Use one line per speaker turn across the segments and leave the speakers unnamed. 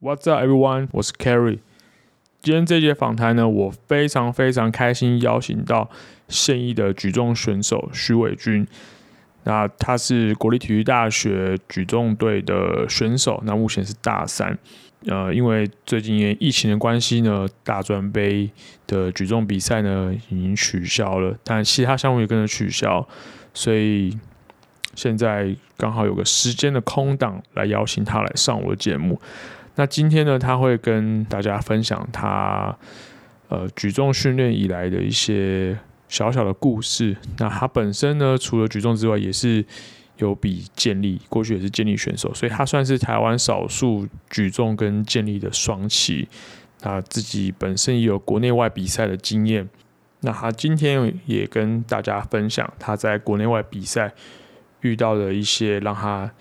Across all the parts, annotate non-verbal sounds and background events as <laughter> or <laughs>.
What's up, everyone？我是 Kerry。今天這節訪談呢，我非常非常開心邀請到現役的舉重選手許瑋君。那他是國立體育大學舉重隊的選手，那目前是大三。呃，因為最近因為疫情的關係呢，大專杯的舉重比賽呢已經取消了，但其他項目也跟着取消，所以現在剛好有個時間的空檔，來邀請他來上我的節目。那今天呢，他會跟大家分享他呃舉重訓練以來的一些小小的故事。那他本身呢，除了舉重之外，也是有比健力，過去也是健力選手，所以他算是台灣少數舉重跟健力的雙棲。他自己本身也有國內外比賽的經驗。那他今天也跟大家分享他在國內外比賽遇到的一些讓他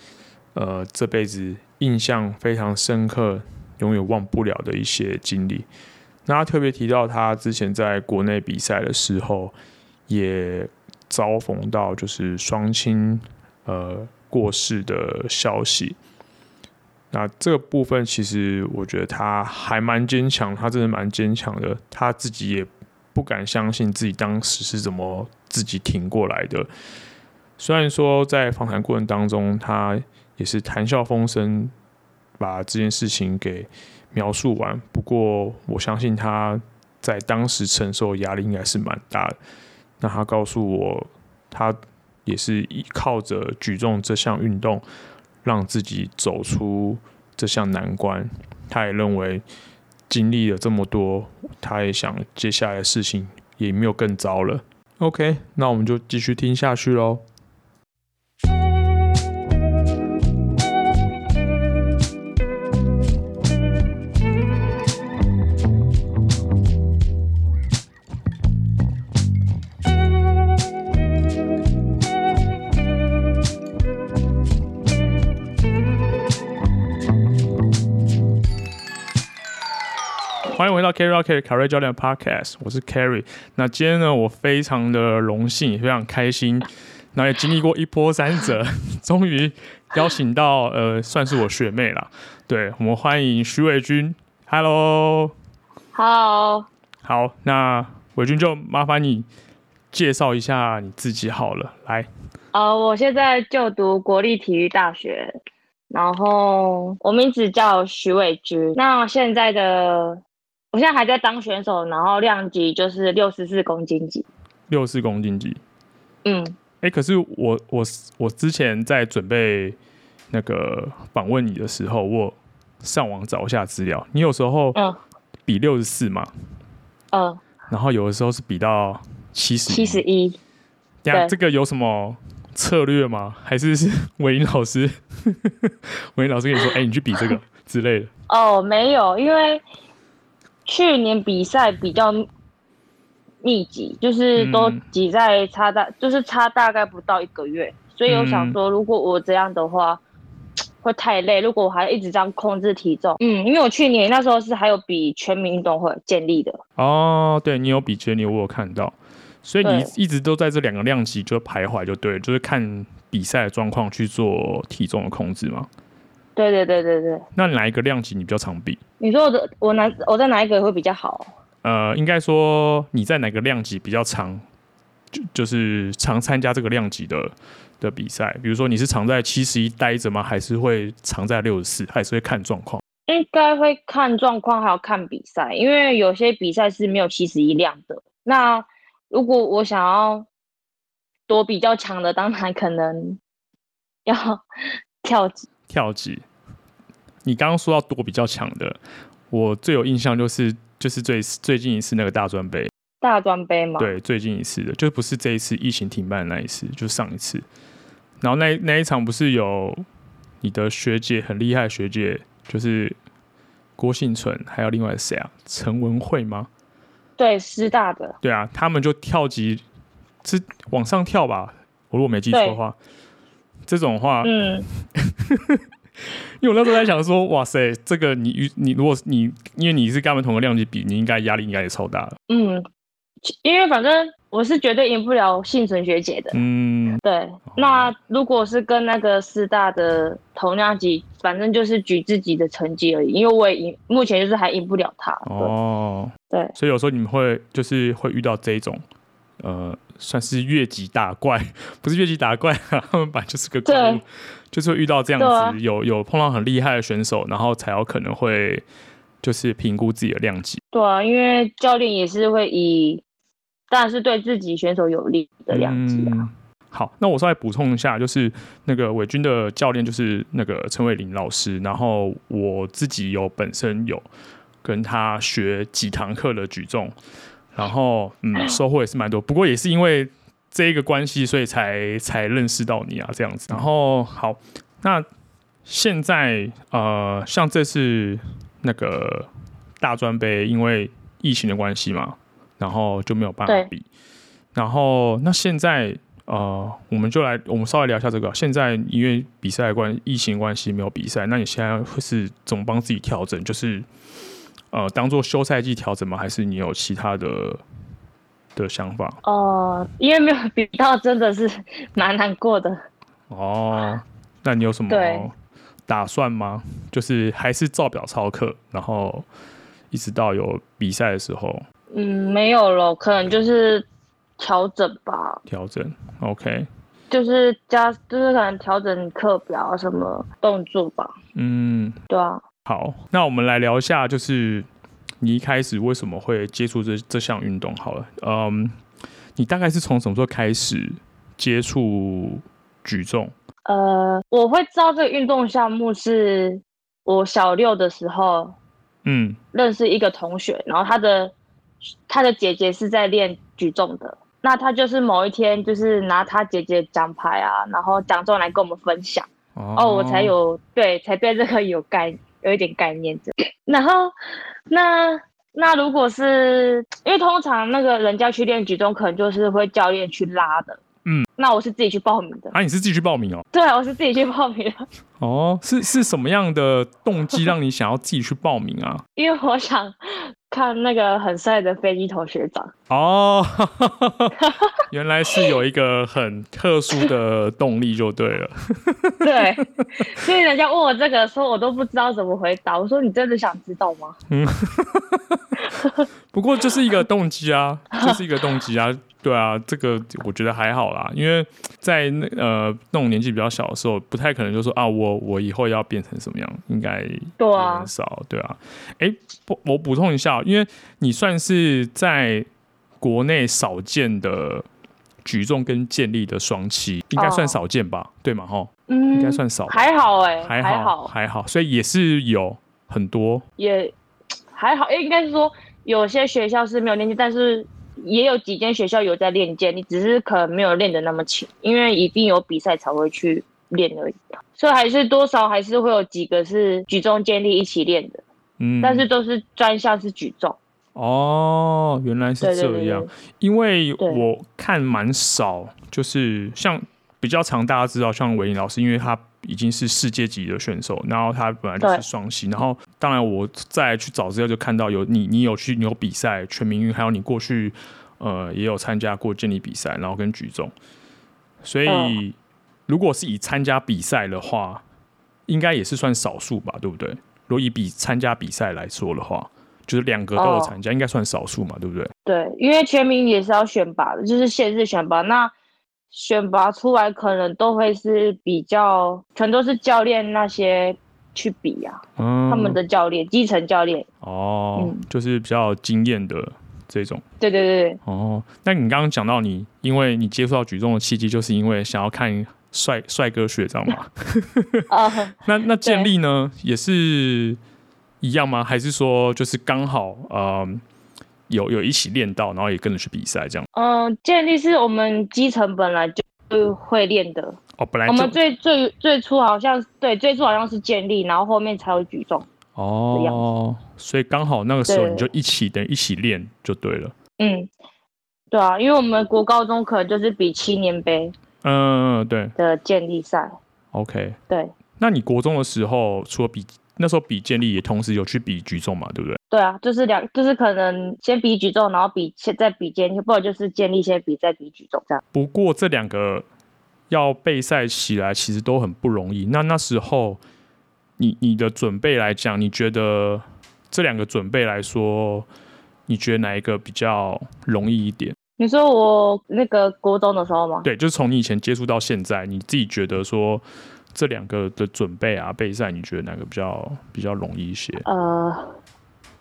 呃這輩子。印象非常深刻、永遠忘不了的一些經歷。那他特別提到，他之前在國內比賽的時候，也遭逢到就是雙親呃過世的消息。那這個部分，其實我覺得他還蠻堅強，他真的蠻堅強的。他自己也不敢相信自己當時是怎麼自己挺過來的。雖然說在訪談過程當中，他。也是談笑風生，把這件事情給描述完。不過我相信他在當時承受的壓力應該是蠻大的。那他告訴我，他也是依靠着舉重這項運動，讓自己走出這項難關。他也認為，經歷了這麼多，他也想接下來的事情也沒有更糟了。OK，那我們就繼續聽下去嘍。c a r k y Carry 教練 Podcast，我是 Carry。那今天呢，我非常的榮幸，也非常開心，那 <laughs> 也經歷過一波三折，終於邀請到呃，算是我學妹了。對，我們歡迎許瑋君。Hello，hello Hello. 好，那瑋君就麻煩你介紹一下你自己好了。來，
啊、uh,，我現在就讀國立體育大學，然後我名字叫許瑋君。那現在的。我現在還在當選手，然後量級就是六十四公斤級。
六十四公斤級，嗯，哎、欸，可是我我我之前在準備那個訪問你的時候，我上網找一下資料。你有時候嗯，比六十四嘛，嗯，然後有的時候是比到七十、七十、嗯、七十一，呀，這個有什麼策略嗎？還是是韋 <laughs> 英老師，韋 <laughs> 英老師跟你說，哎、欸，你去比這個 <laughs> 之類的？
哦，沒有，因為。去年比賽比較密集，就是都擠在差大，嗯，就是差大概不到一個月，所以我想說，如果我這樣的話，嗯，會太累，如果我還一直這樣控制體重，嗯，因為我去年那時候是還有比全民運動會健力的
哦。對，你有比全年，我有看到，所以你一直都在這兩個量級就徘徊，就對了，就是看比賽的狀況去做體重的控制嗎？
對對對對對，
那哪一個量級你比較常比？
你說我的，我哪我在哪一個會比較好？
呃，應該說你在哪個量級比較常，就就是常參加這個量級的的比賽。比如說你是常在七十一待着嗎？還是會常在六十四？還是會看狀況？
應該會看狀況，還有看比賽，因為有些比賽是沒有七十一量的。那如果我想要躲比較強的，當然可能要跳級。
跳級，你剛剛說到多比較強的，我最有印象就是就是最最近一次那個大專杯，
大專杯嗎？對，
最近一次的，就不是這一次疫情停辦的那一次，就是上一次。然後那那一場不是有你的學姐很厲害學姐，就是郭幸存，還有另外誰啊？陳文慧嗎？
對，師大的。
對啊，他們就跳級，是往上跳吧？我如果沒記錯的話。這種話，嗯， <laughs> 因為我那時候在想說， <laughs> 哇塞，這個你你如果你因為你是跟他們同個量級比，你應該壓力應該也超大
了。嗯，因為反正我是絕對贏不了幸存學姐的。
嗯，
對、哦。那如果是跟那個四大的同量級，反正就是舉自己的成績而已，因為我也贏，目前就是還贏不了他。
哦，對。所以有時候你們會就是會遇到這種。呃，算是越級打怪，不是越級打怪啊，他們本來就是個怪，就是會遇到這樣子，啊、有有碰到很厲害的選手，然後才有可能會就是評估自己的量級。
對啊，因為教練也是會以，但是對自己選手有利
的量級、啊嗯、好，那我稍微補充一下，就是那個瑋君的教練就是那個陳偉林老師，然後我自己有本身有跟他學幾堂課的舉重。然後，嗯，收穫也是蠻多。不過也是因為這一個關係，所以才才認識到你啊，這樣子。然後，好，那現在，呃，像這次那個大專杯，因為疫情的關係嘛，然後就沒有辦法比。然後，那現在，呃，我們就來，我們稍微聊一下這個。現在因為比賽的關疫情關係沒有比賽，那你現在會是怎麼幫自己調整？就是。呃，當做休賽季調整嗎？還是你有其他的的想法？
哦，呃，因為沒有比到，真的是蠻難過的。
哦，那你有什麼打算嗎？就是還是照表操課，然後一直到有比賽的時候？
嗯，沒有了，可能就是調整吧。
調整，OK，
就是加，就是可能調整課表什麼動作吧。嗯，對啊。
好，那我們來聊一下，就是你一開始為什麼會接觸這這項運動好了，嗯，um，你大概是從什麼時候開始接觸舉重？
呃，我會知道這個運動項目是，我小六的時候，嗯，認識一個同學，然後他的他的姐姐是在練舉重的，那他就是某一天就是拿他姐姐獎牌啊，然後獎狀來跟我們分享，哦，我才有對才對這個有概念。有一點概念，這樣。然後那那，如果是因為通常那個人家去練舉重，可能就是會教練去拉的。嗯，那我是自己去報名的。啊，
你是自己去報名哦？
對，我是自己去報名
的。哦，是是什麼樣的動機讓你想要自己去報名啊？
因為我想看那個很帥的飛機頭學長。哦，
哈哈哈哈 <laughs> 原來是有一個很特殊的動力，就對了。
<laughs> 對，所以人家問我這個時候，我都不知道怎麼回答。我說：“你真的想知道嗎？”嗯，
<laughs> 不過這是一個動機啊，這、就是一個動機啊。對啊，這個我覺得還好啦，因為在那呃那種年紀比較小的時候，不太可能就說啊我我以後要變成什麼樣，應該對啊很少對啊。哎、啊欸，我我補充一下，因為你算是在國內少見的舉重跟健力的雙棲，應該算少見吧？哦、對嗎？哈，嗯，應該算少吧，還好
哎、欸，還好還好，
還好，所以也是有很多
也還好哎、欸，應該是說有些學校是沒有年紀但是。也有幾間學校有在練健力，你只是可能沒有練得那麼勤，因為一定有比賽才會去練而已。所以還是多少還是會有幾個是舉重、健力一起練的。嗯，但是都是專項是舉重。
哦，原來是這樣。對對對對。因為我看蠻少，就是像比較常大家知道，像韋尼老師，因為他。已經是世界級的選手，然後他本來就是雙棲。然後當然我再去找資料就看到有你，你有去，你有比賽，全民運，運還有你過去呃也有參加過健力比賽，然後跟舉重，所以、哦、如果是以參加比賽的話，應該也是算少數吧，對不對？如果以比參加比賽來說的話，就是兩個都有參加、哦，應該算少數嘛，對不對？
對，因為全民也是要選拔的，就是限制選拔那，選拔出來可能都會是比較，全都是教練那些去比呀、啊嗯，他們的教練，基層教練。
哦、嗯，就是比較有經驗的這種。對對對。哦，那你剛剛講到你，因為你接觸到舉重的契機，就是因為想要看帥帥哥學長嘛、 <laughs> <laughs> 呃。那那健力呢，也是一樣嗎？還是說就是剛好，嗯、呃。有有一起練到，然後也跟着去比賽這樣。
嗯，健力是我們基層本來就會練的。
哦，本來我們最
最最初好像對最初好像是健力，然後後面才有舉重。
哦，所以剛好那個時候你就一起等於一起練就對了。
嗯，對啊，因為我們國高中可能就是比七年杯。
嗯對。
的健力賽。
嗯、OK。對。那你國中的時候除了比？那時候比健力，也同時有去比舉重嘛，對不對？
對啊，就是兩，就是可能先比舉重，然後比，再比健力，或者就是健力，先比，再比舉重這樣。
不過這兩個要備賽起來，其實都很不容易。那那時候你你的準備來講，你覺得這兩個準備來說，你覺得哪一個比較容易一點？
你說我那個國中的時候嗎？
對，就是從你以前接觸到現在，你自己覺得說。這兩個的準備啊，備賽，你覺得哪個比較比較容易一些？
呃，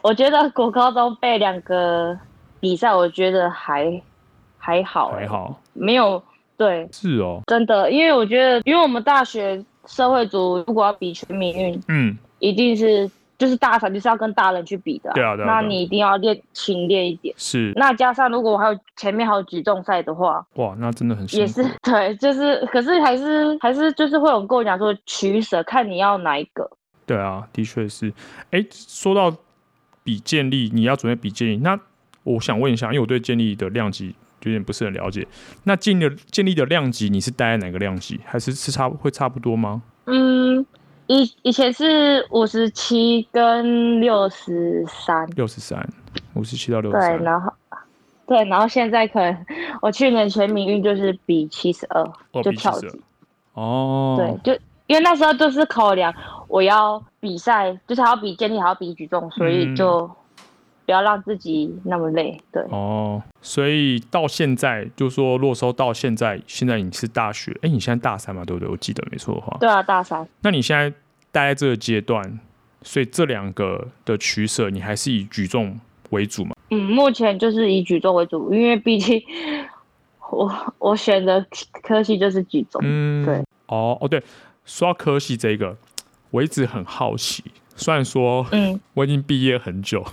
我覺得國高中備兩個比賽，我覺得還還好，還好，沒有對，是哦，真的，因為我覺得，因為我們大學社會組如果要比全民運，嗯，一定是。就是大賽就是要跟大人去比的，啊，對啊對，啊對啊，那你一定要練輕練一點。是，那加上如果我還有前面還有舉重賽的話，
哇，那真的很辛苦也是
對，就是可是還是還是就是會有人跟我講說取捨，看你要哪一個。
對啊，的確是。哎，說到比健力，你要準備比健力。那我想問一下，因為我對健力的量級有點不是很了解。那健力健力的量級你是待在哪個量級，還是是差會差不多嗎？嗯。
以以前是五十七跟六十三，
六十三，五十七到
六十三。對，然後，對，然後現在可能我去年全民運就是比七十二，就跳級，哦，對，就因為那時候就是考量我要比賽，就是還要比健力，還要比舉重，嗯、所以就。不要讓自己
那麼累，對。哦，所以到現在就說落收到現在，現在你是大學，哎、欸，你現在大三嘛，對不對？我記得沒錯的話。對啊，大三。那你現在待在這個階段，所以這兩個的取捨，你還是以舉重為主嘛？嗯，
目前就是以舉重為主，因為畢竟我我選的科系就是舉重。
嗯，對。哦哦對，說到科系這個，我一直很好奇，雖然說嗯，我已經畢業很久。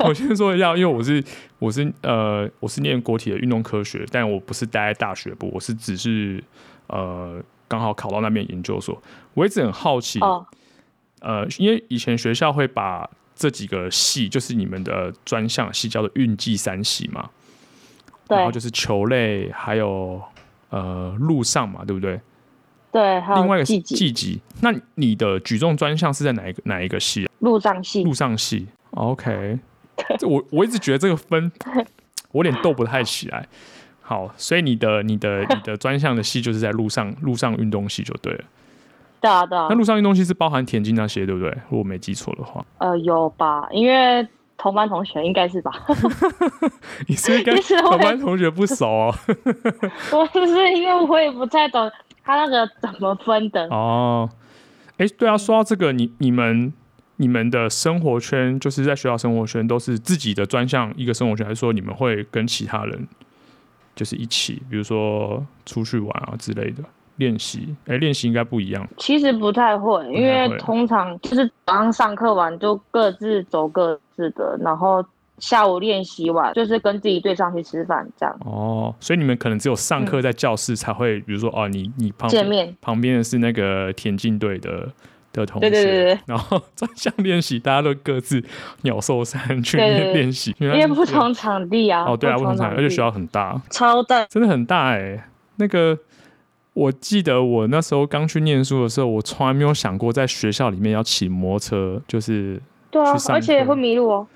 <laughs> 我先說一下，因為我是我是呃我是念國體的運動科學，但我不是待在大學部，我是只是呃剛好考到那邊研究所。我一直很好奇、哦，呃，因為以前學校會把這幾個系，就是你們的專項系，叫做運技三系嘛，對，然後就是球類，還有呃陸上嘛，對不對？
對，還有另外一個系技
擊。那你的舉重專項是在哪一個哪一個系、啊？陸上系，陸上系。OK， <laughs> 這我我一直覺得這個分我有點逗不太起來。好，所以你的、你的、你的專項的系就是在路上、路上運動系就對了。
對啊，對啊。那路上
運動系是包含田徑那些，對不對？如果沒記錯的話。
呃，有吧，因為同班同學應該是吧。
<laughs> <laughs> 你是不是應該同班同學不熟、啊、
<laughs> 我是不是因為我也不太懂他那個怎麼分的？
哦，哎、欸，對啊，說到這個，你你們。你們的生活圈就是在學校生活圈，都是自己的專項一個生活圈，還是說你們會跟其他人就是一起，比如說出去玩啊之類的練習？哎，練習應該不一樣。
其實不太，不太會，因為通常就是早上上課完就各自走各自的，然後下午練習完就是跟自己隊上去吃飯這樣。
哦，所以你們可能只有上課在教室才會，嗯、比如說哦，你你旁邊旁邊的是那個田徑隊的的同學，對，對對對，然後專項練習，大家都各自鳥獸散去練習，對對對練習，因為不同
場地啊。哦，哦對、啊，不同場地，而且學校很
大，超大，真的很大哎、欸。那個，我記得我那時候剛去念書的時候，我從來沒有想過在學校裡面要騎摩托車，就是
對啊，而且會迷路
哦。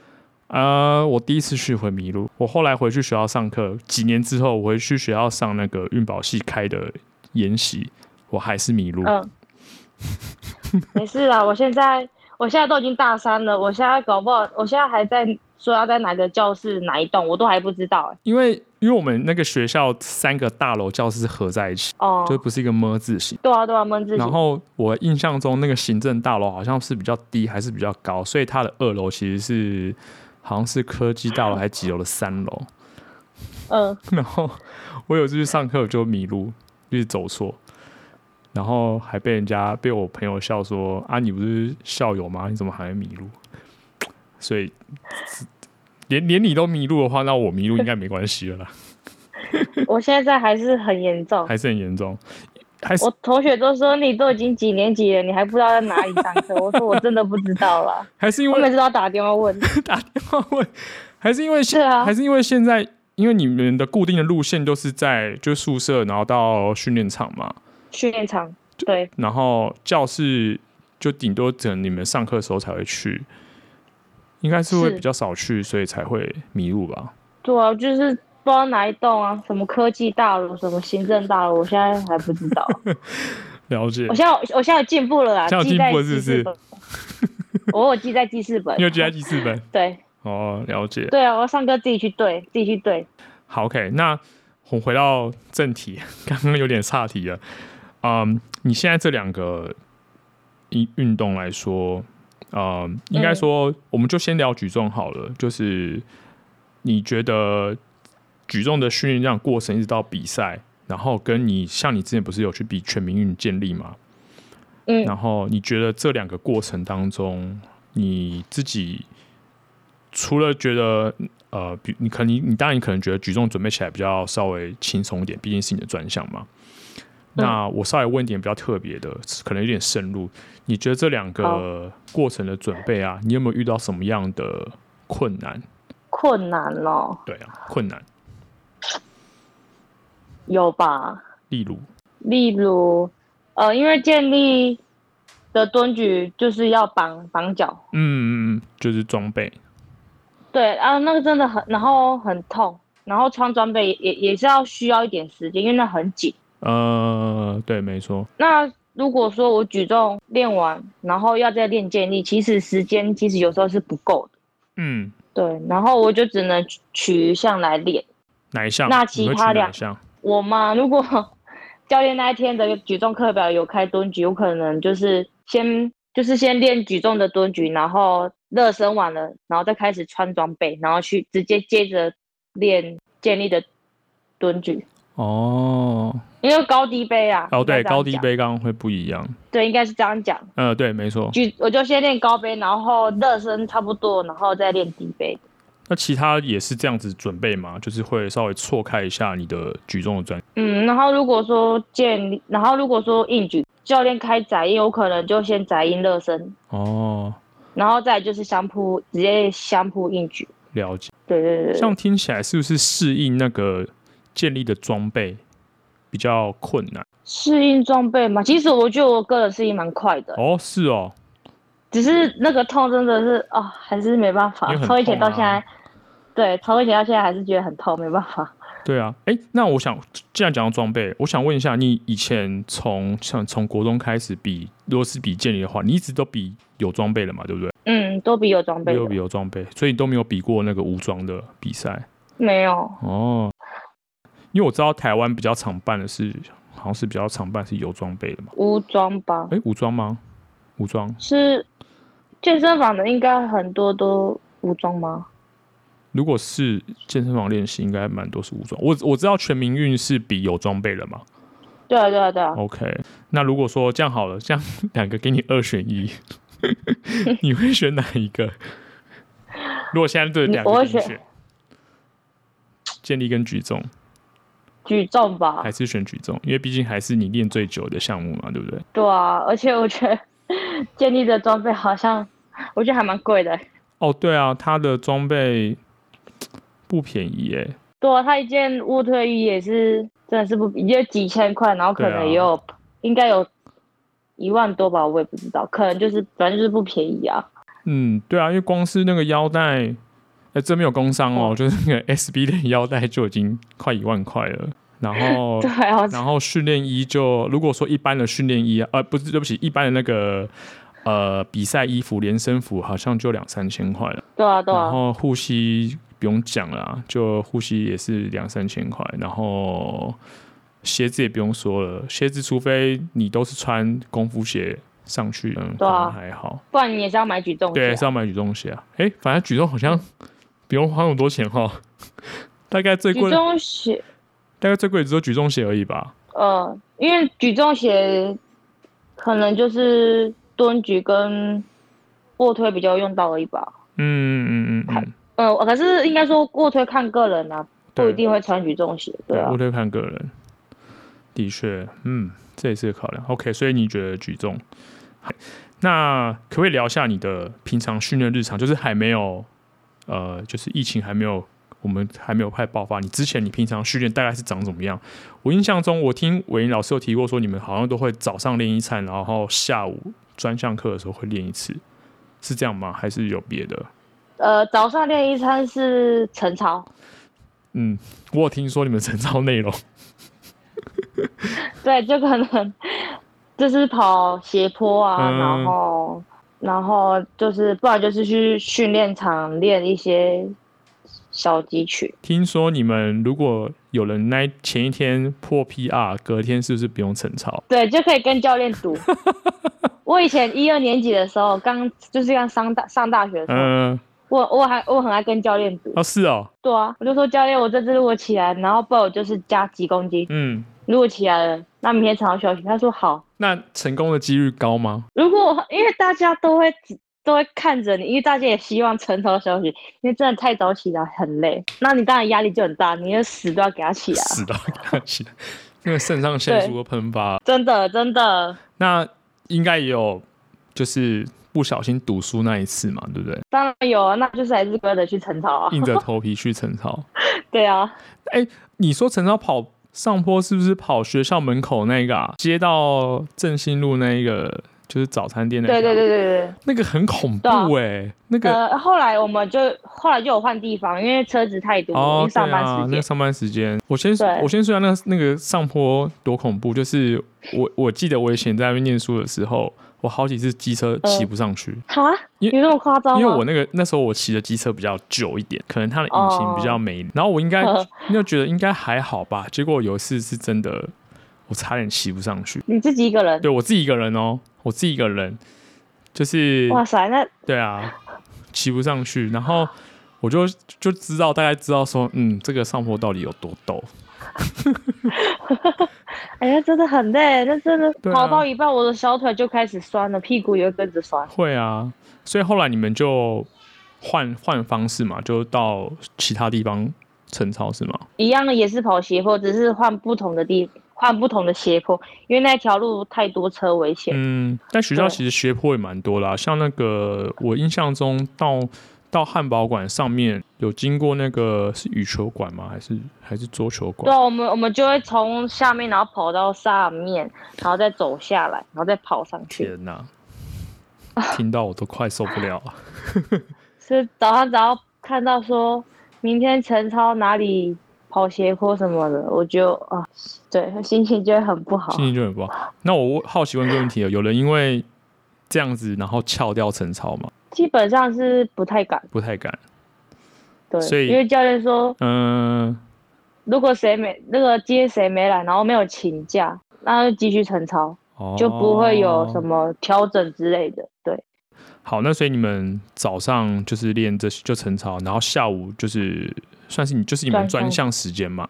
呃，我第一次去會迷路，我後來回去學校上課幾年之後，回去學校上那個運保系開的研習，我還是迷路。嗯
<laughs> 沒事啦，我現在我現在都已經大三了，我現在搞不好，我現在還在說要在哪個教室哪一棟，我都還不知道
欸。因為因為我們那個學校三個大樓教室合在一起，哦，就不是一個“麼”字形。
對啊，對啊，“麼”字形。然後
我印象中那個行政大樓好像是比較低，還是比較高？所以它的二樓其實是好像是科技大樓還是幾樓的三樓？嗯、呃。然後我有一次去上課，就迷路，就一直走錯。然後還被人家被我朋友笑說啊，你不是校友嗎？你怎麼還迷路？所以連連你都迷路的話，那我迷路應該沒關係了啦。
我現在，在還是很嚴重，還
是很嚴重。
我同學都說你都已經幾年級了，你還不知道在哪裡上課？ <laughs> 我說我真的不知道了。還是因為？因為我每次都要打電話問，打電話
問。還是因為是啊？還是因為現在、啊，因為你們的固定的路線就是在就宿舍，然後到訓練場嘛。
訓練場
對，然後教室就頂多等你們上課的時候才會去，應該是會比較少去，所以才會迷路吧。
對啊，就是不知道哪一棟啊，什麼科技大樓，什麼行政大樓，我現在還不知道。
<laughs> 了解。我現
在我現在進步了啦，現在進步是不是？ <laughs> 我有記在記事本， <laughs> 你有記在記事本。 <laughs> 對。
哦，了解。
對啊，我要上課自己去對，自己去對。
好，OK，那我們回到正題，剛剛有點岔題了。嗯，你現在這兩個以運動來說，嗯，應該說、嗯，我們就先聊舉重好了。就是你覺得舉重的訓練量過程，一直到比賽，然後跟你像你之前不是有去比全民運健力嗎？嗯。然後你覺得這兩個過程當中，你自己除了覺得呃，比你可你你當然你可能覺得舉重準備起來比較稍微輕鬆一點，畢竟是你的專項嘛。那我稍微問一點比較特別的，嗯，可能有點深入。你覺得這兩個過程的準備啊，哦，你有沒有遇到什麼樣的困難？
困難咯，對
啊，困難
有吧？例如，例如，呃，因為健力的蹲舉就是要綁綁腳，嗯
嗯嗯，就是裝備。
對啊，那個真的很，然後很痛，然後穿裝備也也是要需要一點時間，因為那很緊。
呃，對，沒錯。
那如果說我舉重練完，然後要再練健力，其實時間其實有時候是不夠的。
嗯，
對。然後我就只能取一項來練。
哪一項？那其他兩項？
我嘛，如果教練那一天的舉重課表有開蹲舉，有可能就是先就是先練舉重的蹲舉，然後熱身完了，然後再開始穿裝備，然後去直接接着練健力的
蹲舉。哦、oh.，因為高
低杯啊，哦、oh, 對，高低杯
剛剛會不一樣，
對，應該是這樣講，
呃，對，沒錯。舉
我就先練高杯，然後熱身差不多，然後再練低杯。
那其他也是這樣子準備嗎？就是會稍微錯開一下你的舉重的專業。嗯，
然後如果說建，然後如果說硬舉，教練開窄音，有可能就先窄音熱身。
哦、oh.。
然後再就是相撲，直接相撲硬舉。
了解。對對對對。這樣聽起來是不是適應那個？健力的裝備比較困難，
適應裝備嘛。其實我覺得我個人適應蠻快的。哦，是哦。只是那個痛真的是哦，還是沒辦法。從以前到現在，對，從以前到現在還是覺得很痛，沒辦法。
對啊，哎、欸，那我想既然講到裝備，我想問一下，你以前從像從國中開始比，如果是比健力的話，你一直都比有裝備的嘛，對不對？嗯，
都比有裝備，都
比有裝備，所以你都沒有比過那個無裝的比賽。沒有。哦。因為我知道台灣比較常辦的是，好像是比較常辦是有裝備的嘛，
武裝吧？
哎、欸，武裝嗎？武裝
是健身房的，應該很多都武裝嗎？
如果是健身房練習，應該蠻多是武裝。我我知道全民運是比有裝備的嘛？
對啊，對啊，對啊。
OK，那如果說這樣好了，這樣兩個給你二選一， <laughs> 你會選哪一個？ <laughs> 如果現在對兩個選，我選健力跟舉重。
舉重吧，
還是選舉重，因為畢竟還是你練最久的項目嘛，對不對？
對啊，而且我覺得健力的裝備好像，我覺得還蠻貴的。
哦，對啊，他的裝備不便宜哎。
對啊，他一件臥推衣也是真的是不便宜，也就幾千塊，然後可能也有，啊、應該有一萬多吧，我，我也不知道，可能就是反正就是不便宜啊。嗯，
對啊，因為光是那個腰帶。哎，這沒有工商哦，就是那個 S B 的腰帶就已經快一萬塊了，然後， <laughs> 啊、然後訓練衣就如果說一般的訓練衣，呃，不是，對不起，一般的那個呃比賽衣服，連身服好像就兩三千塊了，對啊，對啊，然後護膝不用講了，就護膝也是兩三千塊，然後鞋子也不用說了，鞋子除非你都是穿功夫鞋上去，嗯，對啊，還好，不
然你也是要買舉重鞋，啊，對，
是要買舉重鞋啊，哎，反正舉重好像。嗯不用花很多錢哈，大概最貴舉重鞋，大概最貴只有舉重鞋而已吧。嗯、
呃，因為舉重鞋可能就是蹲舉跟臥推比較用到而已吧。嗯嗯嗯嗯，嗯，嗯還，呃，可是應該說臥推看個人啊，不一定會穿舉重鞋
對，對啊。臥推看個人，的確，嗯，這也是考量。OK，所以你覺得舉重，那可不可以聊一下你的平常訓練日常？就是還沒有。呃，就是疫情還沒有，我們還沒有快爆發。你之前你平常訓練大概是長怎麼樣？我印象中，我聽瑋君老師有提過說，你們好像都會早上練一餐，然後下午專項課的時候會練一次，是這樣嗎？還是有別的？
呃，早上練一餐是晨操。嗯，
我有聽說你們晨操內容，
<laughs> 對，就可能就是跑斜坡啊，嗯、然後。然後就是，不然就是去訓練場練一些小肌群。
聽說你們如果有人那前一天破 PR，隔天是不是不用晨操？
對，就可以跟教練賭 <laughs> 我以前一二年級的時候，剛就是上大上大學的時候，嗯、我我還我很愛跟教練賭、哦、是哦。對啊，我就說教練，我這次如果起來，然後不然就是加幾公斤。嗯。如果起來了，那明天早上休息。他說好。
那成功的幾率高嗎？
如果因為大家都會都會看着你，因為大家也希望晨操休息，因為真的太早起來很累，那你當然壓力就很大，你的死都要給他起來了。死
都要給他起來， <laughs> 因為腎上腺素會噴發，
真的真的。
那應該也有，就是不小心賭輸那一次嘛，對不對？
當然有，啊，那就是還是乖乖的去晨操，啊， <laughs> 硬着
頭皮去晨操。
<laughs> 對啊，哎，
欸，你說晨操跑。上坡是不是跑學校門口那個、啊，接到振興路那個就是早餐店那個、啊？對對對對對，那個很恐怖哎、欸啊，
那個、呃。後來我們就後來就有換地方，因為車子太多，哦、因為上班時間。啊
那個、上班時間，我先我先說下那那個上坡多恐怖，就是我我記得我以前在那邊念書的時候。我好幾次機車騎不上去，哈、
呃？有那麼誇張？因為我
那個那時候我騎的機車比較久一點，可能它的引擎比較沒、哦。然後我應該就覺得應該還好吧。結果有一次是真的，我差點騎不上去。你
自己一個人？對，
我自己一個人哦、喔，我自己一個人。就是哇塞，那對啊，騎不上去，然後我就就知道大概知道說，嗯，這個上坡到底有多陡。 <laughs>
哎呀，真的很累，那真的跑到一半，我的小腿就開始酸了，啊、屁股也會跟着酸。
會啊，所以後來你們就換換方式嘛，就到其他地方晨操是嗎？
一樣的，也是跑斜坡，只是換不同的地，換不同的斜坡，因為那條路太多車，危險。嗯，
但學校其實斜坡也蠻多啦、啊，像那個我印象中到。到漢堡館上面有經過，那個是羽球館嗎？還是還是桌球館？
對，我們我們就會從下面，然後跑到上面，然後再走下來，然後再跑上去。
天哪、啊，聽到我都快受不了了。
啊、 <laughs> 是早上只要看到說明天晨操哪裡跑斜坡什麼的，我就啊，對心情就會很不好，心情就很不好。
那我好奇問這個問題哦，有人因為這樣子然後翹掉晨操嗎？
基本上是不太敢，
不太敢。對，所以因為教練說，嗯、呃，
如果誰沒那個接誰沒來，然後沒有請假，那就繼續晨操，
哦，就不會有什
麼調整之類的。對。
好，那所以你們早上就是練這些就晨操，然後下午就是算是你就是你們專項時間嘛。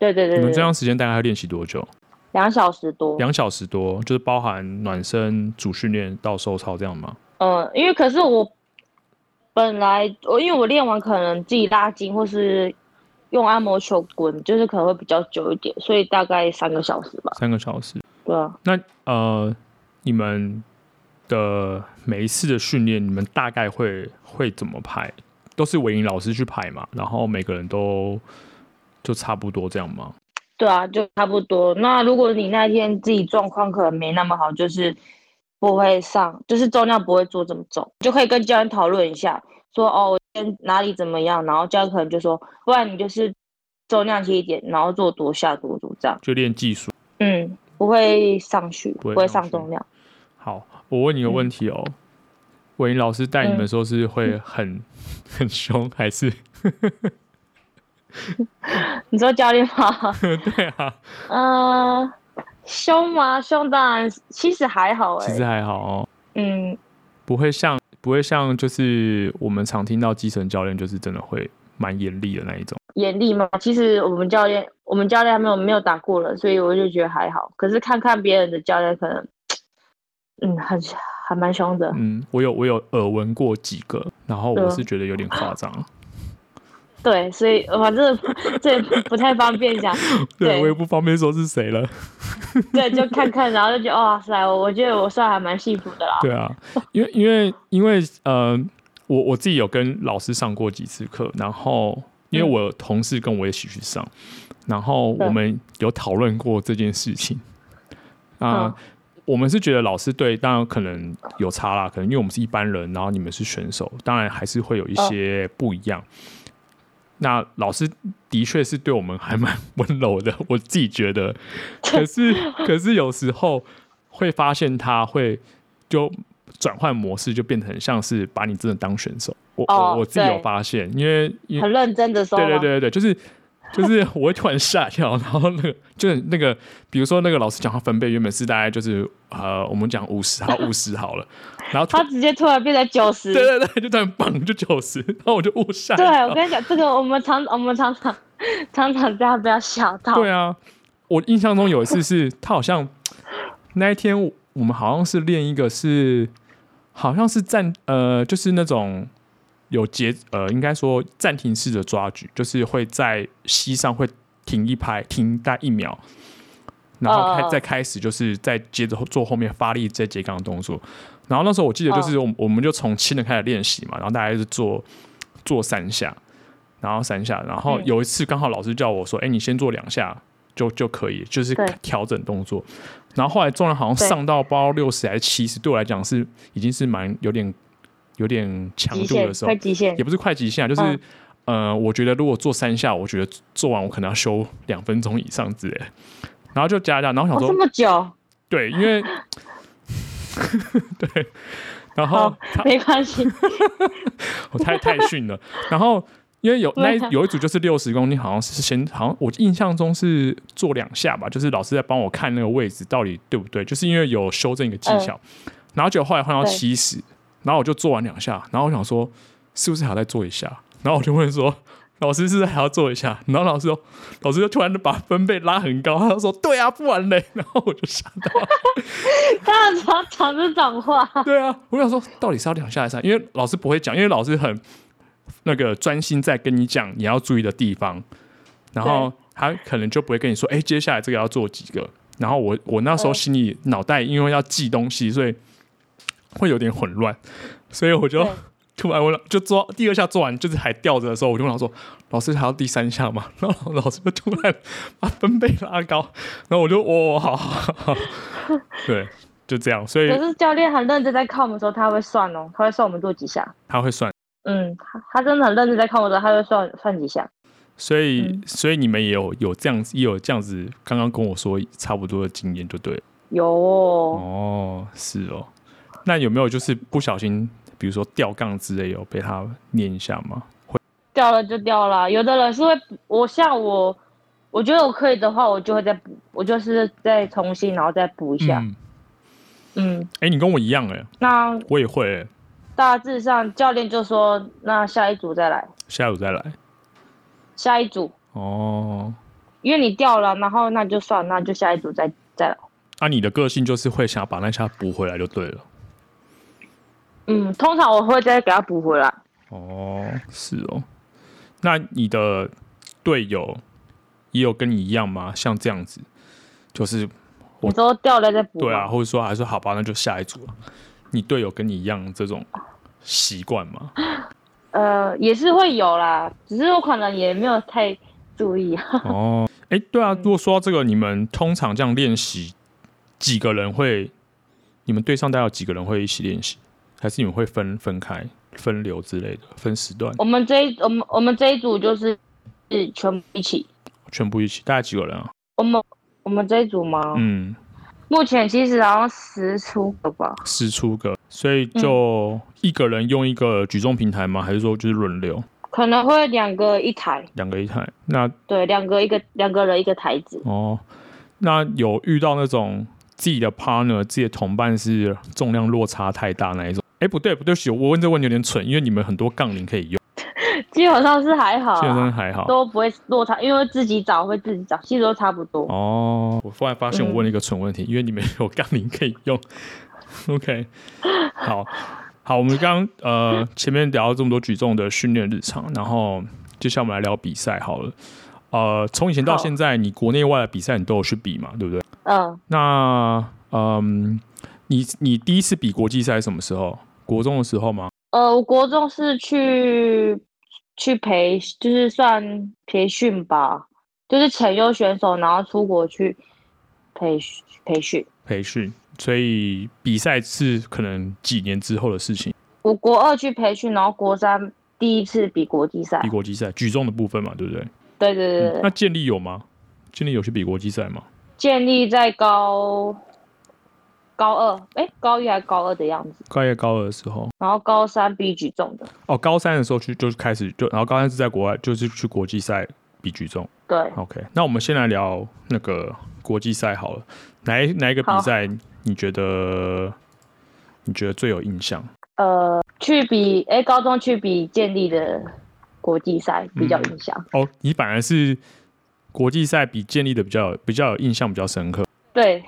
對，對對對。你們專項
時間大概要練習多久？
兩小時多。兩
小時多，就是包含暖身、主訓練到收操這樣嗎？
嗯，因為可是我本來我因為我練完可能自己拉筋，或是用按摩球滾，就是可能會比較久一點，所以大概三個小時
吧。三個小時，對啊。那呃，你們的每一次的訓練，你們大概會會怎麼排？都是維英老師去排嘛？然後每個人都就差不多這樣嗎？
對啊，就差不多。那如果你那天自己狀況可能沒那麼好，就是。不會上，就是重量不會做這麼重，就可以跟教練討論一下，說哦，我哪裡怎麼樣，然後教練可能就說，不然你就是重量輕一點，然後做多下多組這樣。
就練技術。嗯，
不會上
去，不會上重量。好，我問你個問題哦、嗯，文英老師帶你們時候是會很、嗯、很凶還是？
<laughs> <laughs> 你說教練嗎？ <laughs> 對啊。嗯、uh...。兇嗎？兇當然，其實還好哎、欸，其實
還好哦、喔。
嗯，
不會像，不會像，就是我們常聽到基層教練，就是真的會蠻嚴厲的那一種。
嚴厲嗎？其實我們教練，我們教練還沒有沒有打過了，所以我就覺得還好。可是看看別人的教練，可能，
嗯，很還蠻兇的。嗯，我有我有耳聞過幾個，然後我是覺得有點誇張。呃
對，所以我反正這不太方便講。
對，我也不方便說是誰
了。對，就看看，然後
就覺得哇塞，我覺得我算還蠻幸福的啦。對啊，因為因為因為呃，我我自己有跟老師上過幾次課，然後因為我同事跟我也一起去上、嗯，然後我們有討論過這件事情。那、嗯啊嗯、我們是覺得老師對，當然可能有差啦，可能因為我們是一般人，然後你們是選手，當然還是會有一些不一樣。哦那老師的確是對我們還蠻溫柔的，我自己覺得。可是， <laughs> 可是有時候會發現他會就轉換模式，就變成很像是把你真的當選手。哦、我我我自己有發現，因為，因為很
認真的說，對對對
對對，就是。就是我會突然嚇一跳，然後那個就是那個，比如說那個老師講話分貝原本是大概就是呃，我們講五十好五十好了，然後然他
直接突然變成九十，對對
對，就突然嘣，就九十，然後我就誤下。對我跟你
講，這個我們常我們常常常常這樣不要笑到。對啊，
我印象中有一次是他好像 <laughs> 那一天我們好像是練一個是好像是站呃就是那種。有節呃，應該說暫停式的抓舉，就是會在膝上會停一拍，停大概一秒，然後開、oh. 再開始，就是再接着做後面發力再接槓的動作。然後那時候我記得就是我們、oh. 我們就從輕的開始練習嘛，然後大家就是做做三下，然後三下，然後有一次剛好老師叫我說：“哎、mm. 欸，你先做兩下就就可以，就是調整動作。”然後後來重量好像上到八六十還是七十，對我來講是已經是蠻有點，有點強度的時候，也不是快極限，啊，就是，嗯，呃，我覺得如果做三下，我覺得做完我可能要休兩分鐘以上之類，然後就加加，然後想說，哦，這麼久，對，因為， <laughs> 對，然後
沒關係，
<laughs> 我太太遜了。 <laughs> 然後因為有那一有一組就是六十公斤，好像是先，好像我印象中是做兩下吧，就是老師在幫我看那個位置到底對不對，就是因為有修正一個技巧，嗯，然後就後來換到七十。然後我就做完兩下，然後我想說是不是還要再做一下？然後我就問說老師是不是還要做一下？然後老師說，老師就突然把分貝拉很高，他說對啊，不完了。然後我就想到，
<laughs> 他要吵吵着講話。對啊，
我想說到底是要兩下還是，因為老師不會講，因為老師很那個專心在跟你講你要注意的地方，然後他可能就不會跟你說，哎，接下來這個要做幾個。然後我我那時候心裡腦袋因為要記東西，所以。會有點混亂，所以我就突然問，就做第二下做完，就是還吊着的時候，我就問我老師說：“老師還要第三下嘛？”然後老師就突然把分貝拉高，然後我就：“哦，好好好。”哈哈 <laughs> 對，就這樣。所以可是
教練很認真在看我們的時候，他會算哦，他會算我們做幾下，他會算。嗯，他他真的很認真在看我們的時候他會算算幾下。
所以，嗯、所以你們也有有這樣子，也有這樣子，剛剛跟我說差不多的經驗，就對了。有哦，是哦。那有沒有就是不小心，比如說掉槓之類的，有被他念一下嗎？
掉了就掉了。有的人是會，我像我，我覺得我可以的話，我就會再補，我就是再重新，然後再補一下。
嗯。哎、嗯欸，你跟我一樣哎、欸。那我也會、欸。
大致上，教練就說：“那下一組再來。”
下一組再來。
下一組。
哦。
因為你掉了，然後那就算，那就下一組再再來。那、
啊、你的個性就是會想要把那下補回來就對了。
嗯，通常我會再給他補回來。
哦，是哦。那你的隊友也有跟你一樣嗎？像這樣子，就是我，
我掉了再補。對啊，
或者說還是好吧，那就下一組了。你隊友跟你一樣這種習慣嗎？
呃，也是會有啦，只是我可能也沒有太注意、啊。
哦，哎、欸，對啊。如果說到這個，嗯、你們通常這樣練習幾個人會？你們隊上大概有幾個人會一起練習？還是你們會分分開、分流之類的，分時段？
我們這一我們我們這一組就是是全部一起，
全部一起，大概幾個人啊？
我們我們這一組嗎？嗯，目前其實好像十出個吧，
十出個，所以就一個人用一個舉重平台嗎？還是說就是輪流？
可能會兩個一台，
兩個一台。那
對，兩個一個兩個人一個台子。
哦，那有遇到那種自己的 partner、自己的同伴是重量落差太大那一種？哎、欸，不對，不對不，我問這個問題有點蠢，因為你們很多槓鈴可以用，
基本上是還好、啊，基本上還好，都不會落差，因為自己找會自己找，其實都差不多。
哦，我忽然發現我問了一個蠢問題，嗯、因為你們有槓鈴可以用。 <laughs> OK， <laughs> 好，好，我們剛剛呃 <laughs> 前面聊了這麼多舉重的訓練日常，然後接下來我們來聊比賽好了。呃，從以前到現在，你國內外的比賽你都有去比嘛？對不對？嗯。那嗯、呃，你你第一次比國際賽是什麼時候？國中的時候嗎？
呃，我國中是去去培，就是算培訓吧，就是潛優選手，然後出國去培培訓
培訓。所以比賽是可能幾年之後的事情。
我國二去培訓，然後國三第一次比國際賽。比
國際賽舉重的部分嘛，對不對？
對對對、嗯。那
健力有嗎？健力有去比國際賽嗎？
健力在高。高二，哎、欸，高一還
是高二的樣子。高一高二的時候，
然後高三比舉
重的。哦，高三的時候去就是、開始就，然後高三是在國外，就是去國際賽比舉重。對，OK，那我們先來聊那個國際賽好了。哪哪一個比賽你覺得你覺得，你覺得最有印象？
呃，去比哎、欸，高中去比健力的國際賽比較印象。
嗯、哦，你反而是國際賽比健力的比較比較有印象比較深刻。對。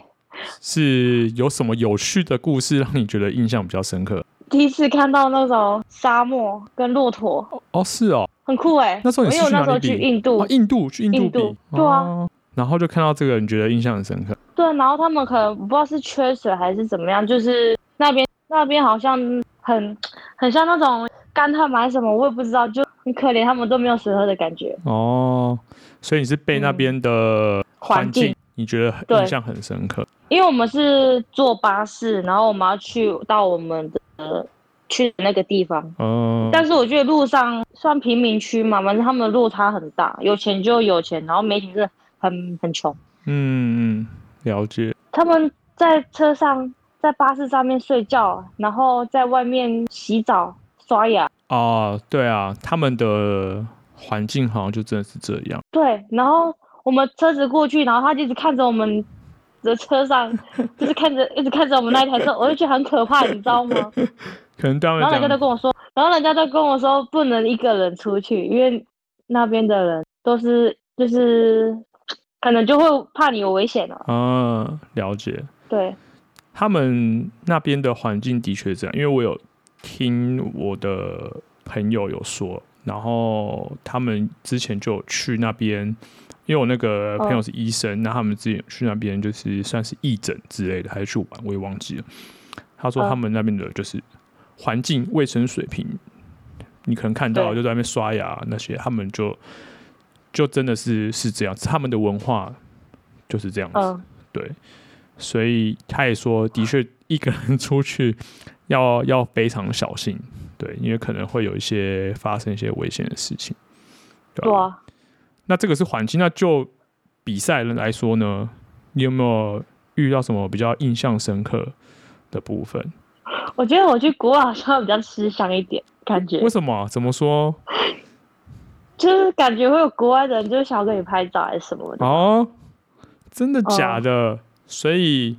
是有什麼有趣的故事讓你覺得印象比較深刻？
第一次看到那種沙漠跟駱駝
哦，是哦，
很酷哎、欸。那時候你去哪裡？那時候去印度。哦、印度，去印度，比印度、哦。對啊。
然後就看到這個，你覺得印象很深刻。
對，然後他們可能不知道是缺水還是怎麼樣，就是那邊那邊好像很很像那種乾旱嘛什麼，我也不知道，就很可憐，他們都沒有水喝的感覺。
哦，所以你是被那邊的環境、嗯。你覺得很印象很深刻，
因為我們是坐巴士，然後我們要去到我們的去的那個地方。嗯、呃，但是我覺得路上算平民區嘛，反正他們的落差很大，有錢就有錢，然後沒錢是
很很窮。嗯嗯，了解。
他們在車上在巴士上面睡覺，然後在外面洗澡刷牙。哦、
呃，對啊，他們的環境好像就真的是這樣。
對，然後。我們車子過去，然後他就一直看着我們的車上，就是看着，一直看着我們那一台車，我就覺得很可怕，你知道嗎？
可能當然。然後人家都
跟我說，然後人家都跟我說，不能一個人出去，因為那邊的人都是就是，可能就會怕你有危險
了、啊。啊、嗯，了解。對，他們那邊的環境的確是這樣，因為我有聽我的朋友有說，然後他們之前就有去那邊。因為我那個朋友是醫生，那、oh. 他們自己去那邊就是算是義診之類的，還是去玩，我也忘記了。他說他們那邊的就是環境衛生水平，oh. 你可能看到就在那邊刷牙那些，他們就就真的是是這樣子，他們的文化就是這樣子。Oh. 對，所以他也說，的確一個人出去要、oh. 要非常小心，對，因為可能會有一些發生一些危險的事情。對、啊 oh. 那這個是環境，那就比賽人來說呢，你有沒有遇到什麼比較印象深刻的部分？
我覺得我去國外好像比較吃香一點，感
覺。為什麼啊？怎麼說？ <laughs>
就是感覺會有國外的人就想要跟你拍照還是什麼的？
哦，真的假的？哦。所以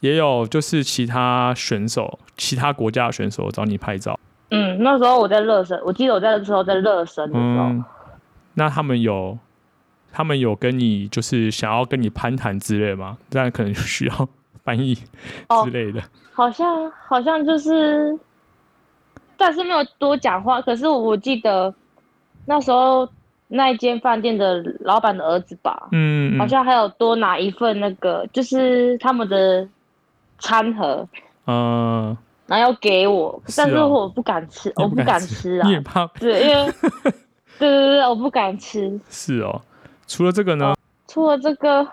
也有就是其他選手，其他國家的選手找你拍照。
嗯，那時候我在熱身，我記得我在那時候在熱身，你知道嗎？嗯
那他們有，他們有跟你就是想要跟你攀談之類嗎？這樣可能就需要翻譯之類的。
哦、好像好像就是，但是沒有多講話。可是我記得那時候那一間飯店的老板的兒子吧，嗯，
嗯，好像
還有多拿一份那個，就是他們的餐盒，嗯，
然
後要給我、哦，但是我不敢，不敢吃，我不敢吃
啊，對，因
為。 <laughs> 對對對，我不敢吃。
是哦，除了這個呢？哦、
除了這個，